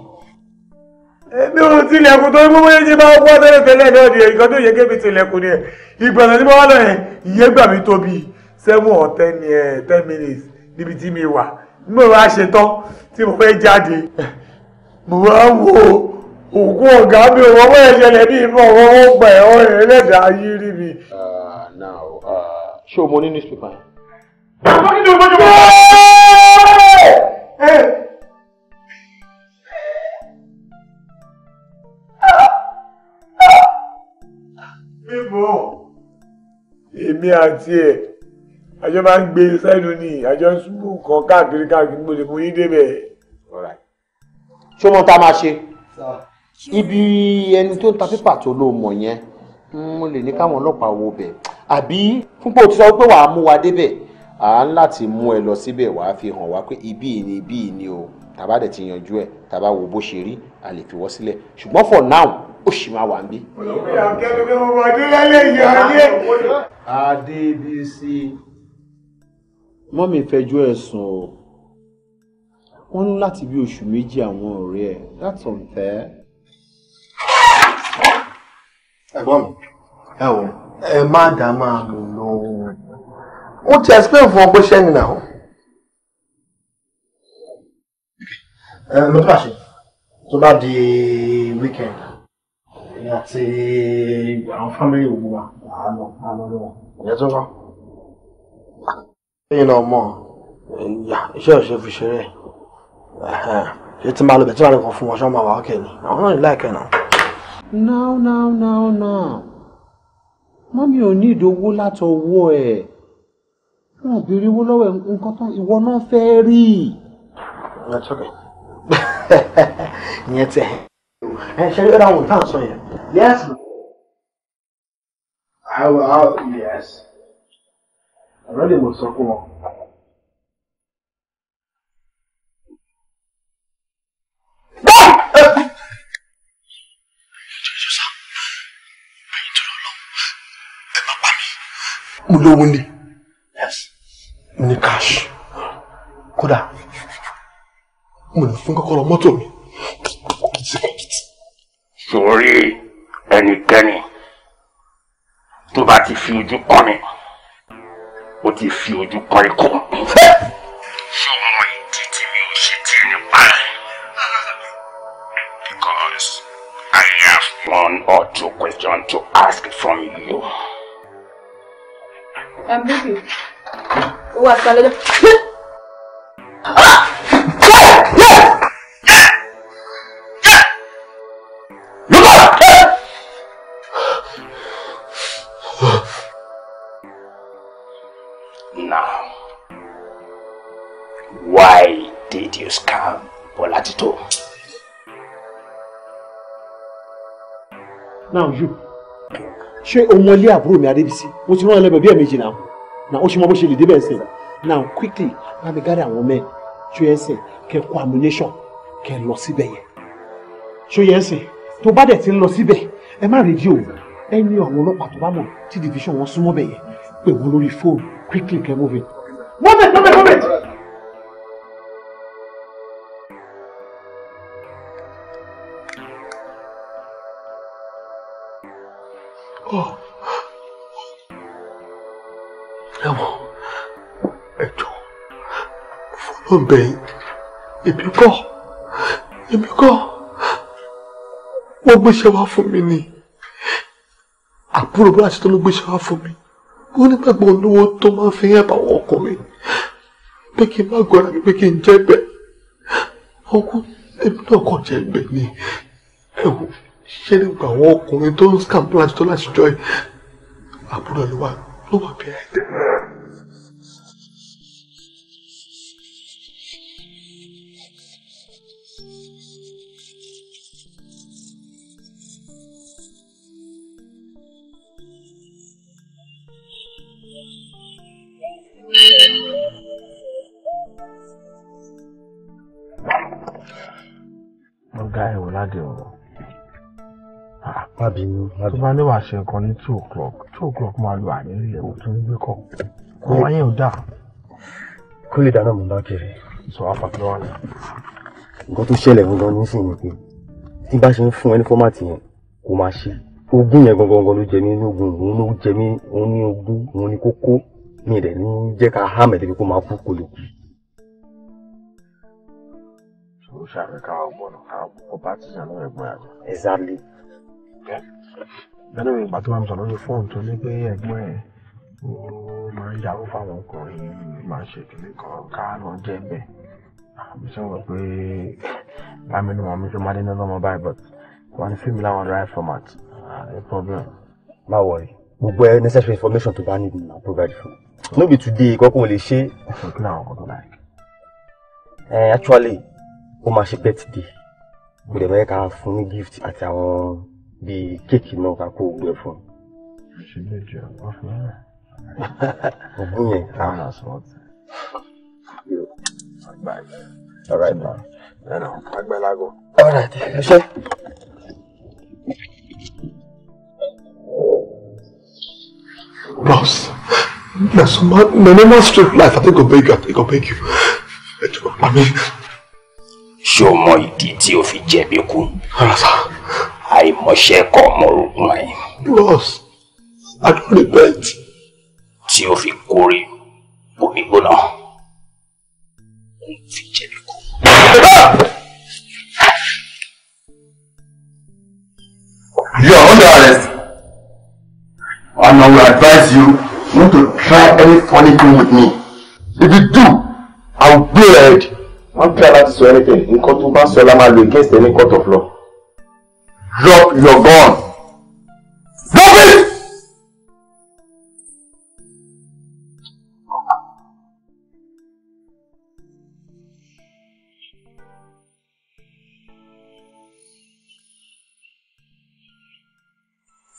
èmi ò tilẹ̀kùn tó ń gbọ́ bóyá ṣe máa wọ́ tẹ́lẹ̀ tẹ́lẹ̀ náà ni nǹkan tó yẹ kébi tilẹ̀kùn yẹn ìgbọ̀nsẹ̀ tí mo wá lọ yẹn ìyẹn gbà mí tóbi seven or ten eh, ten minutes níbi tí mi wà mo wá ṣetán tí mo fẹ́ jáde mo wá wò ó ògùn ọ̀gá mi ò wọ́wọ́ ẹ̀ṣẹ̀lẹ̀ bí ìbọn ọwọ́ gbà ẹ̀ ọ́ ẹlẹ́dàá ayé rí mi. now ṣé o mọ ní newspaper yẹn. bàbá mi ló gbọ́dọ̀ wá. bíbọ̀ èmi àti ẹ̀ àjọ máa ń gbé e sẹ́nu ní àjọ ń súnmù kan káàkiri káàkiri mo lè mú yín débẹ̀. ṣé o mọ tá máa ṣe ibi ẹni tó ń ta pépà tó ló mọ̀ yẹn mo lè ní káwọn ọlọ́pàá wo bẹ̀ àbí púpọ̀ tí sọ pé wàá mú wa débẹ̀ à ń láti mú ẹ lọ síbẹ̀ wàá fi hàn wá pé ibi ni ibi ni o tàbá dẹ̀ ti yanjú ẹ̀ tàbá wo bó ṣe rí a lè fi sílẹ̀ ṣùgbọ́n for now ó sì máa wà ń bí. olùkọ́ yà kẹ́kọ̀ọ́ bí wọ́n máa o wọ́n ní láti bí oṣù méjì àwọn ọ̀rẹ́ ẹ̀ that's unfair ẹ̀gbọ́n mi ẹ wò ẹ má dá máa lò lò ó ti explain fún ọ pé ṣẹ́ni náà. ẹ ló tó bá di weekend àti àwọn family òwò wa àlọ àlọ lọ́wọ́ ìyẹn tó kọ. lẹ́yìn náà mọ̀ iṣẹ́ ò ṣe fi ṣeré ṣé tí máa lo bẹ̀ tí máa lè kàn fún wọn ṣọ́ máa wà ókè ni àwọn náà ní láìpẹ́ náà. now now now now mami o ní ìdówó láti owo ẹ̀ wọn ò béèrè owó lọ́wọ́ ẹ̀ nǹkan tán i. yes. I Already sọ fún mo lówó ní mo cash kódà mo ní fún kọ́kọ́rọ́ mọ́tò mi kìtìkìtì. sórí ẹnikẹ́ni tó bá ti fi ojú kọ́ mi ó ti fi ojú kọ́ ikú ṣé o mọ ìdí tí mi ò ṣe tiẹ̀ nípa rẹ̀? because I have one or two questions to ask from you. I'm leaving. Ó wà sálẹ̀ lọ. Now, why did you scam Bolatito? Now you ṣé o mọ ilé àbúrò mi adébísí mo ti rán ẹ lẹ́bẹ̀ẹ́ bí ẹ̀mejì náà na ó ṣe mọ bó ṣe lè débẹ̀ ẹ̀sìn now quickly bá mi gáàdì àwọn mẹ́ẹ̀ ṣó yẹn sìn kẹ kó ammunition kẹ lọ síbẹ̀ yẹn ṣó yẹn sìn tó bá dẹ̀ ti ń lọ síbẹ̀ ẹ má rèé di o ẹ ní àwọn ọlọ́pàá tó bá mọ̀ tí division wọn súnmọ́ bẹ̀ yẹn pè wọ́n lórí fóònù quickly kẹ move in. mọ́mẹ́ mọ́mẹ́ mọ́mẹ́ mo bẹ̀ yín èmi kọ́ èmi kọ́ wọ́n gbéṣẹ́ wá fún mi ni àbúrò bọ́lá ṣetán ló gbéṣẹ́ wá fún mi wọ́n nígbàgbọ́ olówó tó máa ń fi yẹn bá wọn ọkọ mi pé kí n má gbọ́ra mi pé kí n jẹ́ bẹ́ẹ̀ ọkùn èmi náà kọ̀ jẹ́ bẹ́ẹ̀ ni ẹ̀wò ṣé nígbà àwọn ọkùnrin tó ń scam bọ́lá ṣetán láṣìjọ́ yìí àbúrò ló wà ló wà bí ẹ̀ tẹ́lẹ̀. ọ̀gá ẹ̀ wò láti ọ̀rọ̀. Ah. má bínú má bínú. tó bá ní wàá ṣe nǹkan ní two o'clock two o'clock máa lo àní ilẹ̀ òun tó ń gbé kọ̀ kó wáyé ò dáa. kó lè dáná mọ̀ bá kiri. sọ wá pàtó wà náà. nǹkan tó ṣẹlẹ̀ gangan nísìnyí pé tí bá ṣe ń fún ẹ ní fọ́mátì yẹn kò máa ṣe ogún yẹn gangan ló jẹ mí ní ogun òun ló jẹ mí òun ní ogún òun ní kókó mi rẹ̀ ní jẹ́ ká hámẹ̀ débi kó máa kú kó lè kú. Africa ọgbọnọ ọba ti lórí ẹ̀gbọ́n ẹ̀rọ. exactly. bẹ́ẹ̀ ni ìgbà tó máa ń sọ lórí fóònù tó ní pé ẹ̀gbọ́n ẹ̀ ó máa ń yàwó fáwọn ọkùnrin máa ń ṣe kìnnì kan káàánú jẹ́ bẹ́ẹ̀. àmì sọ wọ pé bámi ni màmí ṣe máa dé nínú ọmọ báyìí but wọn ní fíìmù láwọn right format no problem. má wọrí gbogbo ẹ necessary information tó bá need na provide fún no be today kọ́kọ́ ò lè ṣe. ọ̀sán eh, actually ó máa ṣe birthday kò dẹ̀ mẹ́ka fún ní gift àti àwọn bíi kéèkì náà ká kó gbẹ fún un. ogún yẹn ká. Ah. Boss, there's some man, no, no, life. I think I'll beg you. I think I'll beg you. I mean, ṣé o mọ ìdí tí o fi jẹ̀bi kú àìmọ̀ṣẹ́ kọ́ ọmọ orogún ẹ̀. Nurse, I don't repent. tí o fi kórè omi gbóná o fi jẹ̀bi kú. You are under arrest and I will advise you not to try any funny thing with me. If you do, I will blow your head wọ́n bí aláti sọ anything nǹkan tó bá sọ la máa lo against any court of law. drop your gun. drop it.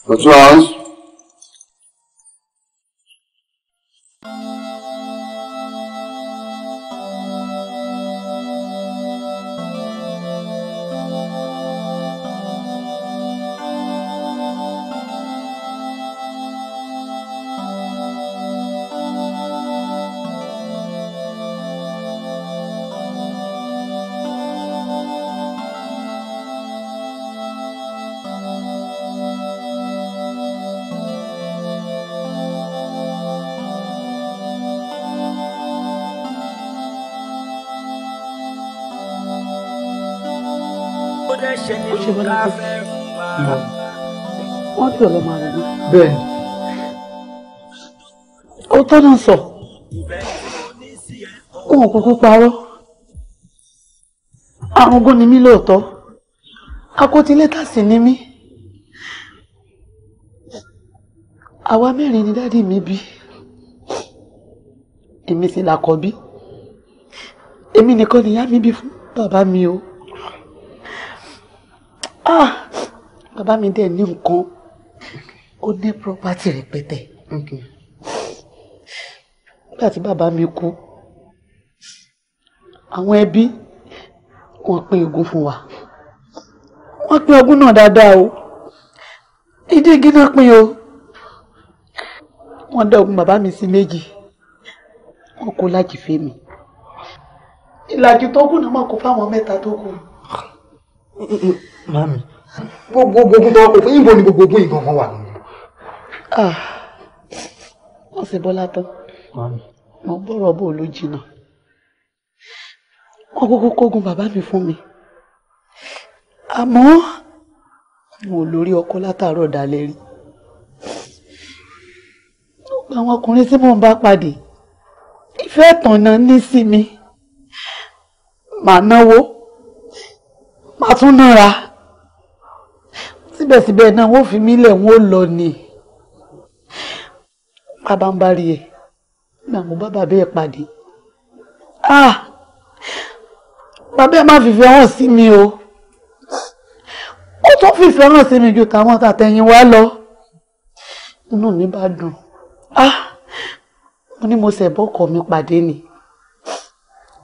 What's wrong? ó ṣe bọ́lá tó wọ́n fi ọ̀lọ́ máa rẹ̀ mí. bẹ́ẹ̀ ó tọ́nà sọ òun kúkú parọ́ àrùn ogún ni mí lóòótọ́ akótilétà sì ni mí àwa mẹ́rin ni dádì mi bí èmi sì làkọ́bí èmi nìkan nìyá mi bí fún bàbá mi o. Ah, bàbá mi dẹ̀ ní nǹkan ó ní property rẹpẹtẹ nígbà tí bàbá mi kú àwọn ẹbí wọn pín ogún fún wa wọn pín ogún náà dáadáa o ìdí igi náà pín o wọn dá ogún bàbá mi sí méjì wọn kó lájì fèmí ìlàjì tó kù náà mọ̀ kó fáwọn mẹ́ta tó kù. Mami. Gbogbo ogun tọwọ́ kò fún ìbò ni gbogbo ogun ìgangan wà. Ah. Wọ́n ṣe Bọ́lá tán. Mami. Mo gbọ́rọ̀ bò ló jìnnà. Wọ́n kúkú kógun bàbá mi fún mi. Àmọ́ mo lórí ọkọ látàárọ̀ dalẹ́ rí. Gbogbo àwọn ọkùnrin tí mò ń bá pàdé, ìfẹ́ ìtànà ní sí mi. Màá náwó màá tún nára síbẹ̀síbẹ̀ náà wọ́n fi mí lẹ̀ wọ́n lọ ni bàbá ń bá rí ẹ ní àwọn bàbá bẹ́ẹ̀ pàdé ah bàbá ẹ má fìfẹ́ hàn sí mi o ó tún fìfẹ́ hàn sí mi ju tàwọn tàtẹ̀yìn wá lọ inú mi bá dùn ah mo ní mo ṣẹ̀bọ́ ọkọ mi pàdé ni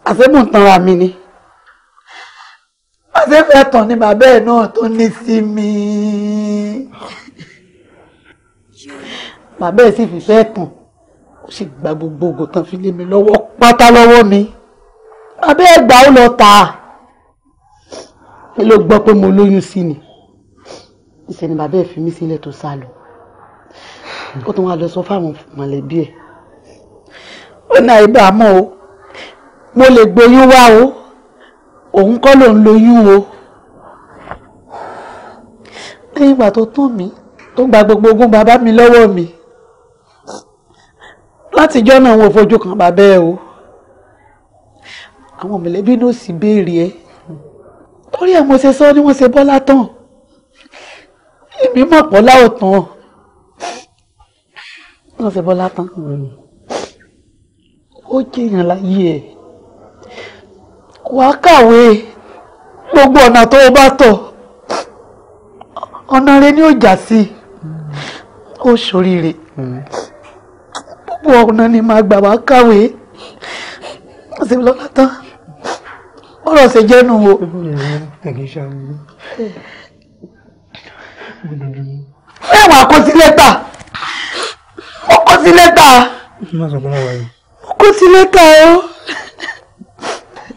àṣẹ́bùn tanra mi ni. Ah, ṣe fẹ́ tàn ni bàbá ẹ̀ náà tó ní sí mi bàbá ẹ̀ sì fi fẹ́ tàn ó sì gba gbogbo ògùn tán fi lé mi lọ́wọ́ pátá lọ́wọ́ mi bàbá ẹ̀ gbà ó lọ tà á ẹ ló gbọ́ pé mo lóyún sí ni ìṣẹ̀ni bàbá ẹ̀ fi mí sílẹ̀ tó sá lọ ó tún wá lọ sọ fáwọn mọ̀lẹ́bí ẹ̀ ó náà ibà mọ́ o mo lè gboyún wá o òun kọ́ ló ń lóyún o lẹ́yìn ìgbà tó tún mí tó gba gbogbo ogún bàbá mi lọ́wọ́ mi látijọ́ náà wọn fojú kan bàbá ẹ o àwọn mọ̀lẹ́bí náà sì béèrè ẹ torí ẹ mo ṣe sọ ni wọ́n ṣe bọ́ látàn èmi mọ̀ pọ̀ láòtàn wọ́n ṣe bọ́ látàn hmm. ó jẹ́yàn láyé ẹ̀ wàá kàwé gbogbo ọ̀nà tó o bá tọ̀ ọ̀nà rẹ ni ó jà sí ó ṣoríire gbogbo ọ̀nà ni màá gbà wàá kàwé ṣe lọ́la tán ọ̀rọ̀ ṣe jẹ́nu o. ẹwà kò sí lẹ́tà ó kò sí lẹ́tà ó kò sí lẹ́tà o.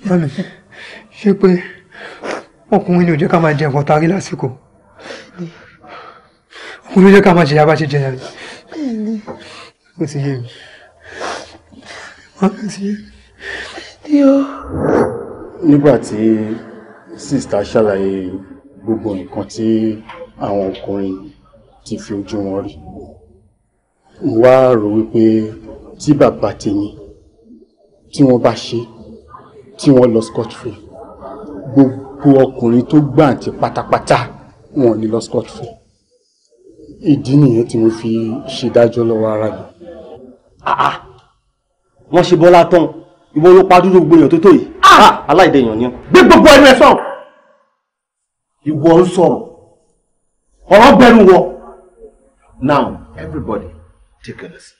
Mami, ṣé pé ọkùnrin ni ò jẹ́ ká máa jẹ nǹkan tá a rí lásìkò? Ọkùnrin ló jẹ́ ká máa jẹyà bá ṣe jẹyà ni. Bẹ́ẹ̀ni. Ó ti yé mi. Mami ti yé mi. Bẹ́ẹ̀ni o. Nígbà tí sísítà ṣàlàyé gbogbo nǹkan tí àwọn ọkùnrin ti fi ojú wọn rí wá rò wípé tí bàbá tèmi tí wọ́n bá ṣe é tí wọ́n lọ scot free gbogbo ọkùnrin tó gbàǹtì pátápátá wọn ni lọ scot free ìdí nìyẹn tí mo fi ṣèdájọ́ lọ́wọ́ ara mi. àà ah, ah. wọ́n ṣe bọ́lá tán ìwọ ló pa dúdú gbogbo èèyàn tó tó yìí ah! aláìdẹ̀yàn ni. gbé gbogbo ẹnu ẹ sọ̀rọ̀ ìwọ ń sọ̀rọ̀ ọ̀rọ̀ bẹ̀rù wọ now everybody take a lesson.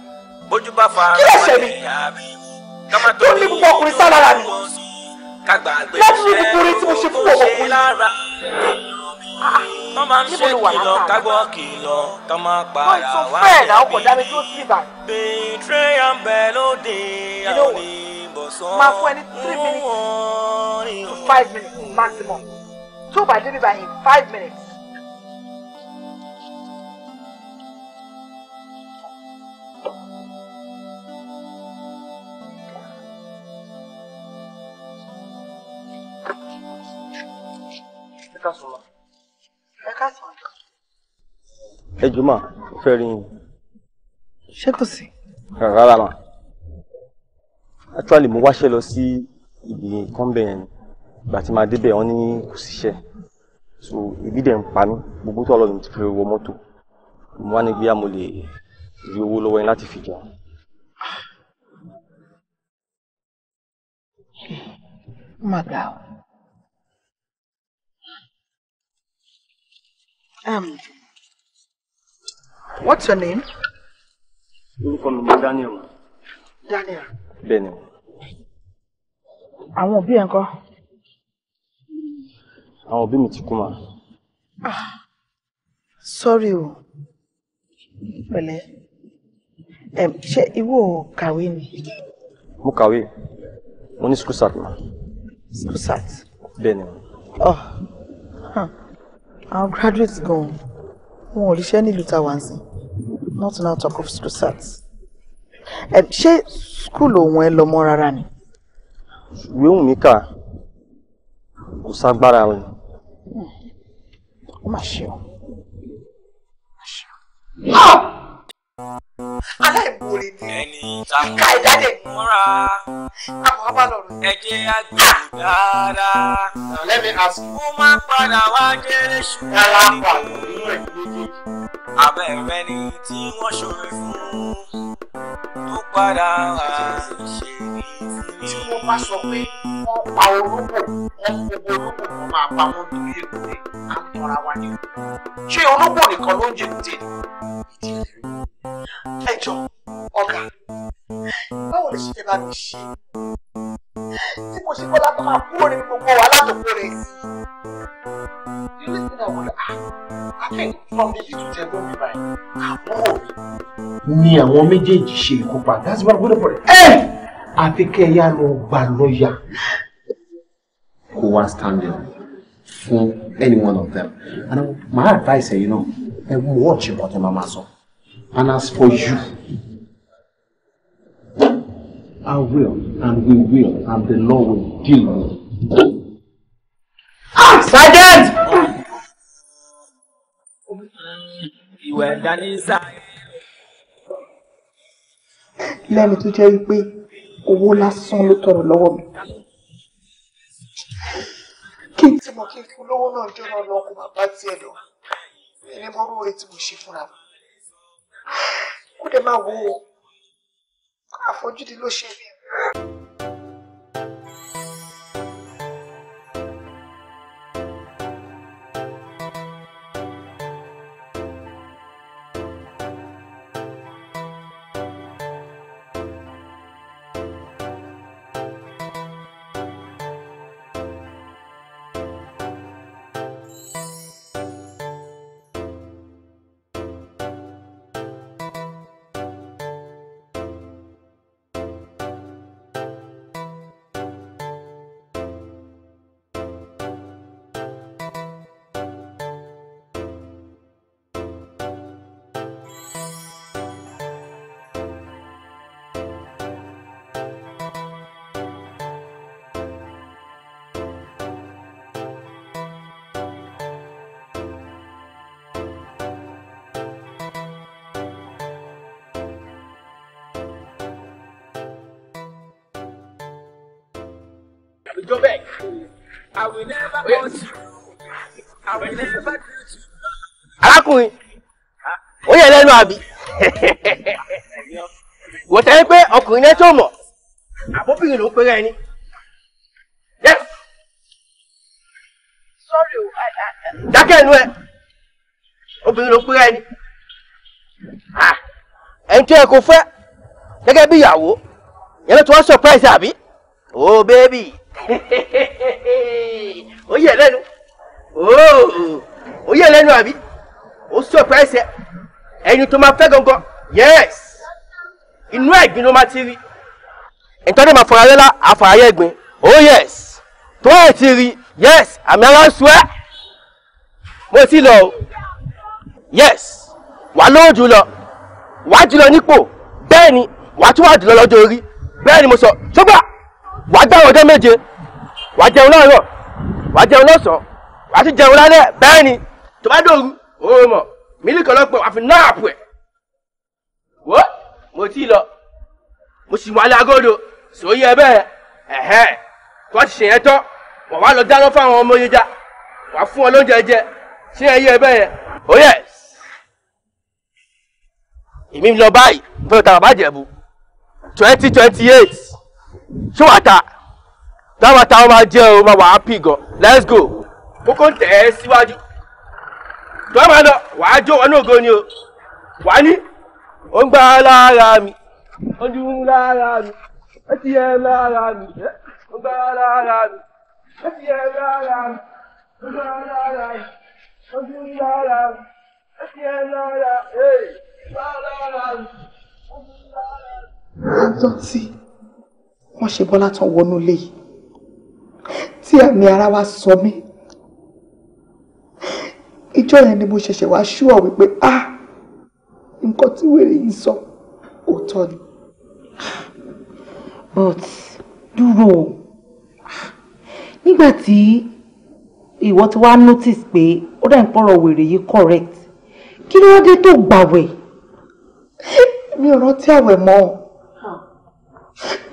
bójú bá fa ara wọn ní ìyá mi. tó ní gbogbo ọkùnrin sá lára mi láti ní gbogbo orin tí mo ṣe fún ọmọ ọkùnrin. Ah, tọ́ máa ń ṣe kìlọ̀ kágbọ́ kìlọ̀ tọ́ máa para wá lẹ́bi. bètrè ń bẹ lóde àwọn oníbọ̀sán. máa fún ẹ ní three minutes to five minutes maximum tó bá débi báyìí five minutes. ká sùn mọ́. ẹ ká sùn. ẹ jù mà fẹ́ rí yín. ṣé kò sí. rárá mà actually mo wáṣẹ́ lọ sí ibi kan bẹ́ẹ̀ ni ìgbà tí màá débẹ̀ wọ́n ní kò síṣẹ́ so ibi dẹ̀ ń pa mí gbogbo tó ọlọ́run ti fi wọ mọ́tò mo wá ní bí a mo lè rí owó lọ́wọ́ yín láti fi jẹun. Oh my Um, what's your name? Orúkọ mi ni Daniel. Daniel. Bẹ́ẹ̀ni. Àwọn òbí ẹ̀ ń kọ́. Àwọn òbí mi ti kú ma. Ah, sorry o. Um, she, Iwo, kàwé ni? Mo kàwé. Mo ní school sat ma. School sat. Oh. Huh. Our graduates gan-an wọn ò ríṣẹ́ nílùú táwa ń sìn not now talk of school start ṣé school òun ẹ lọ mọ́ rárá ni. ìwé wù mí kà kò ságbára rẹ̀. ó mà ṣe o. Ah! aláìmoore ni ẹni ká ìdájẹ múra àwọn abálọrọ ẹjẹ àgbèrè dáadáa lẹ́mi àsìkò ó máa padà wá délé ṣùgbọ́n ní abẹ́rẹ́ ni tí wọ́n ṣòro fún un mú padà wá ṣe ní ìsinmi. tí mo bá sọ pé wọ́n pa olóko wọ́n gbogbo olóko wọ́n máa pa wọ́n torí èkó rẹ̀ á ń tọ́ra wa ní ìlú. ṣé olóko nìkan ló ń jẹ kúté ẹ jọ ọ̀gá báwo lè ṣe bá mi ṣe tí mo ṣe kọ́ látọ̀ máa kúrò nínú gbogbo wàhálà tó rẹ̀ ilé tí mo wọlé akẹ́kọ̀ọ́ fámìlì tó jẹ́ lómi báyìí àbúrò mi. ni àwọn méjèèjì ṣe ìkópa that's why gbọ́dọ̀ pọ̀lẹ̀. ẹ àfi kẹ́ ẹ yá lọ gbà lọ́ọ̀yà. kó wá standing fún any one of them and my advice ẹ yìí náà ẹ mú wọ́ọ̀chì bọ́tẹ́ màmá sọ and as for you. I will, and we will, and the law will deal with you. Sergeant! Lẹ́ni tó jẹ́ wípé owó lásán ló tọrọ lọ́wọ́ mi. Kí n tí mo kí n fún lówó náà jọ́nà lọ́kùn bàbá tiẹ̀ lọ. Ẹni mo rú orí tí mo ṣe fúnra mi. Kó dẹ̀ máa wo àfojúdi ló ṣe mí. go back. I will never want you. I will never treat you. Arákùnrin, ó yẹ lẹ́nu àbí? Wò tẹ́ pé ọkùnrin náà tó mọ̀, àbóbìnrin ló ń pẹ́rẹ́ ẹni. Sorry o, dákẹ́ ẹnu ẹ, obìnrin ló ń pẹ́rẹ́ ẹni. Ẹni tí ẹ kò fẹ́ gẹ́gẹ́ bí ìyàwó, yẹn ló ti wá surprise àbí? Oh baby ó yẹ lẹ́nu ó yẹ lẹ́nu àbí ó surprise ẹ ẹni tó máa fẹ́ gangan yes inú ẹ̀gbin ló máa ti rí ìtọ́jú máa fọra lẹ́la àfààyè ẹ̀gbin oh yes tó ẹ̀ ti rí yes àmì ara ń sùn ẹ́ mo ti lọ o yes wà lóhùn jùlọ wà jùlọ nípò bẹ́ẹ̀ ni wà tún wà jùlọ lọ́jọ́ orí bẹ́ẹ̀ ni mo sọ ṣùgbọ́n wà gbà ọjọ́ méje wàá jẹun láàárọ̀ wàá jẹun lọ́sàn-án wàá ti jẹun lálẹ́ bẹ́ẹ̀ ni tó bá dòru ó mọ̀ mílíkì ọlọ́pẹ́ wàá fi náà àpò ẹ̀ wò ó mo ti lọ mo sì wà lágọ́dọ̀ sóyè ẹ bẹ́ẹ̀ ẹ̀hẹ́ tó ti ṣèyẹn tán wà wá lọ dáná fáwọn ọmọ yẹn já wà fún ọ lóúnjẹ jẹ ṣé ẹ yẹ ẹ bẹ́ẹ̀ ó oh yẹ èmi lọ báyìí fún ọ̀tá bàbá Ìjẹ̀bú twenty twenty eight ṣé wàá ta dáwà táwọn máa jẹ́ o máa wà pì gan let's go kókó ń tẹ̀ ẹ́ síwájú tó máa lọ wà á jó wọnú ògo ni o wà ní ó ń gbá lára mi ó ń dún lára mi ó ti yẹ lára mi ó ń gbá lára mi ó ti yẹ lára mi ó ń gbá lára mi ó ń dún lára mi ó ti yẹ lára mi ó ń gbá lára mi ó ń dún lára mi. àjọ tí wọ́n ṣe bọ́lá tán wọnú ilé yìí tí àmì ara wa sọ mí ìjọ yẹn ni mo ṣẹ̀ṣẹ̀ wá ṣúọ̀ wípé ah nǹkan tí wèrè yìí sọ òótọ́ ni. but dúró nígbà tí ìwọ ti wá notice pé ó dẹ̀ ń pọ̀rọ̀ wèrè yìí correct kí ló dé tó gbàwẹ̀. mi ò rántí àwẹ̀ mọ́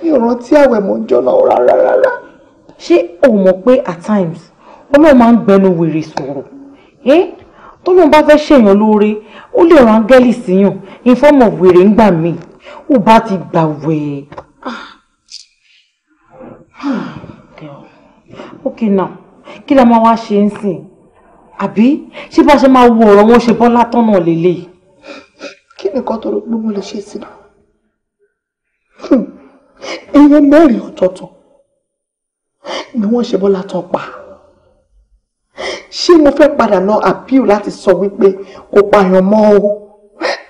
mi ò rántí àwẹ̀ mọ́ jọ́nà rárá ṣé o mọ̀ pé at times ọlọ́run máa ń gbẹnu wèrè sọ̀rọ̀ tọ́lọ́run bá fẹ́ ṣèyàn lóore ó lè ran áńgẹ́lì síyàn in form of wèrè ń gbà mí ó bá ti gbà wẹ̀. Ah. Hmm. ok now kí la máa wá ṣe ń sìn àbí ṣé bá ṣe máa wo ọ̀rọ̀ wọn ṣe bọ́ látọ̀nà lélẹ̀. kí nìkan tó rò pé mo lè ṣe sí i hmm. èèyàn mẹ́rin ọ̀tọ̀ọ̀tọ̀ ni wọ́n ṣe Bọ́lá tán pa ṣé mo fẹ́ padà lọ appeal láti sọ wípé kò pààyàn mọ́ o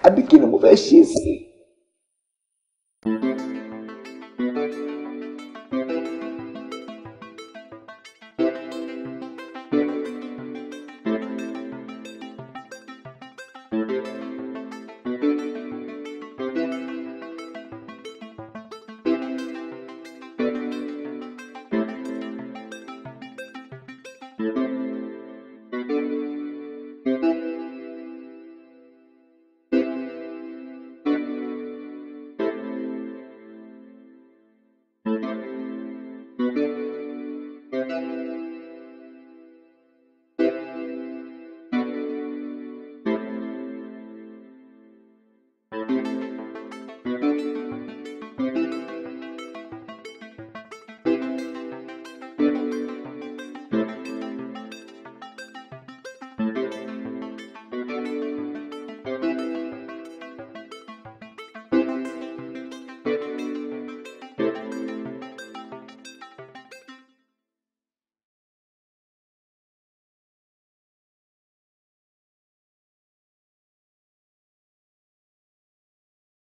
àbí kí ni mo fẹ́ ṣe sí i.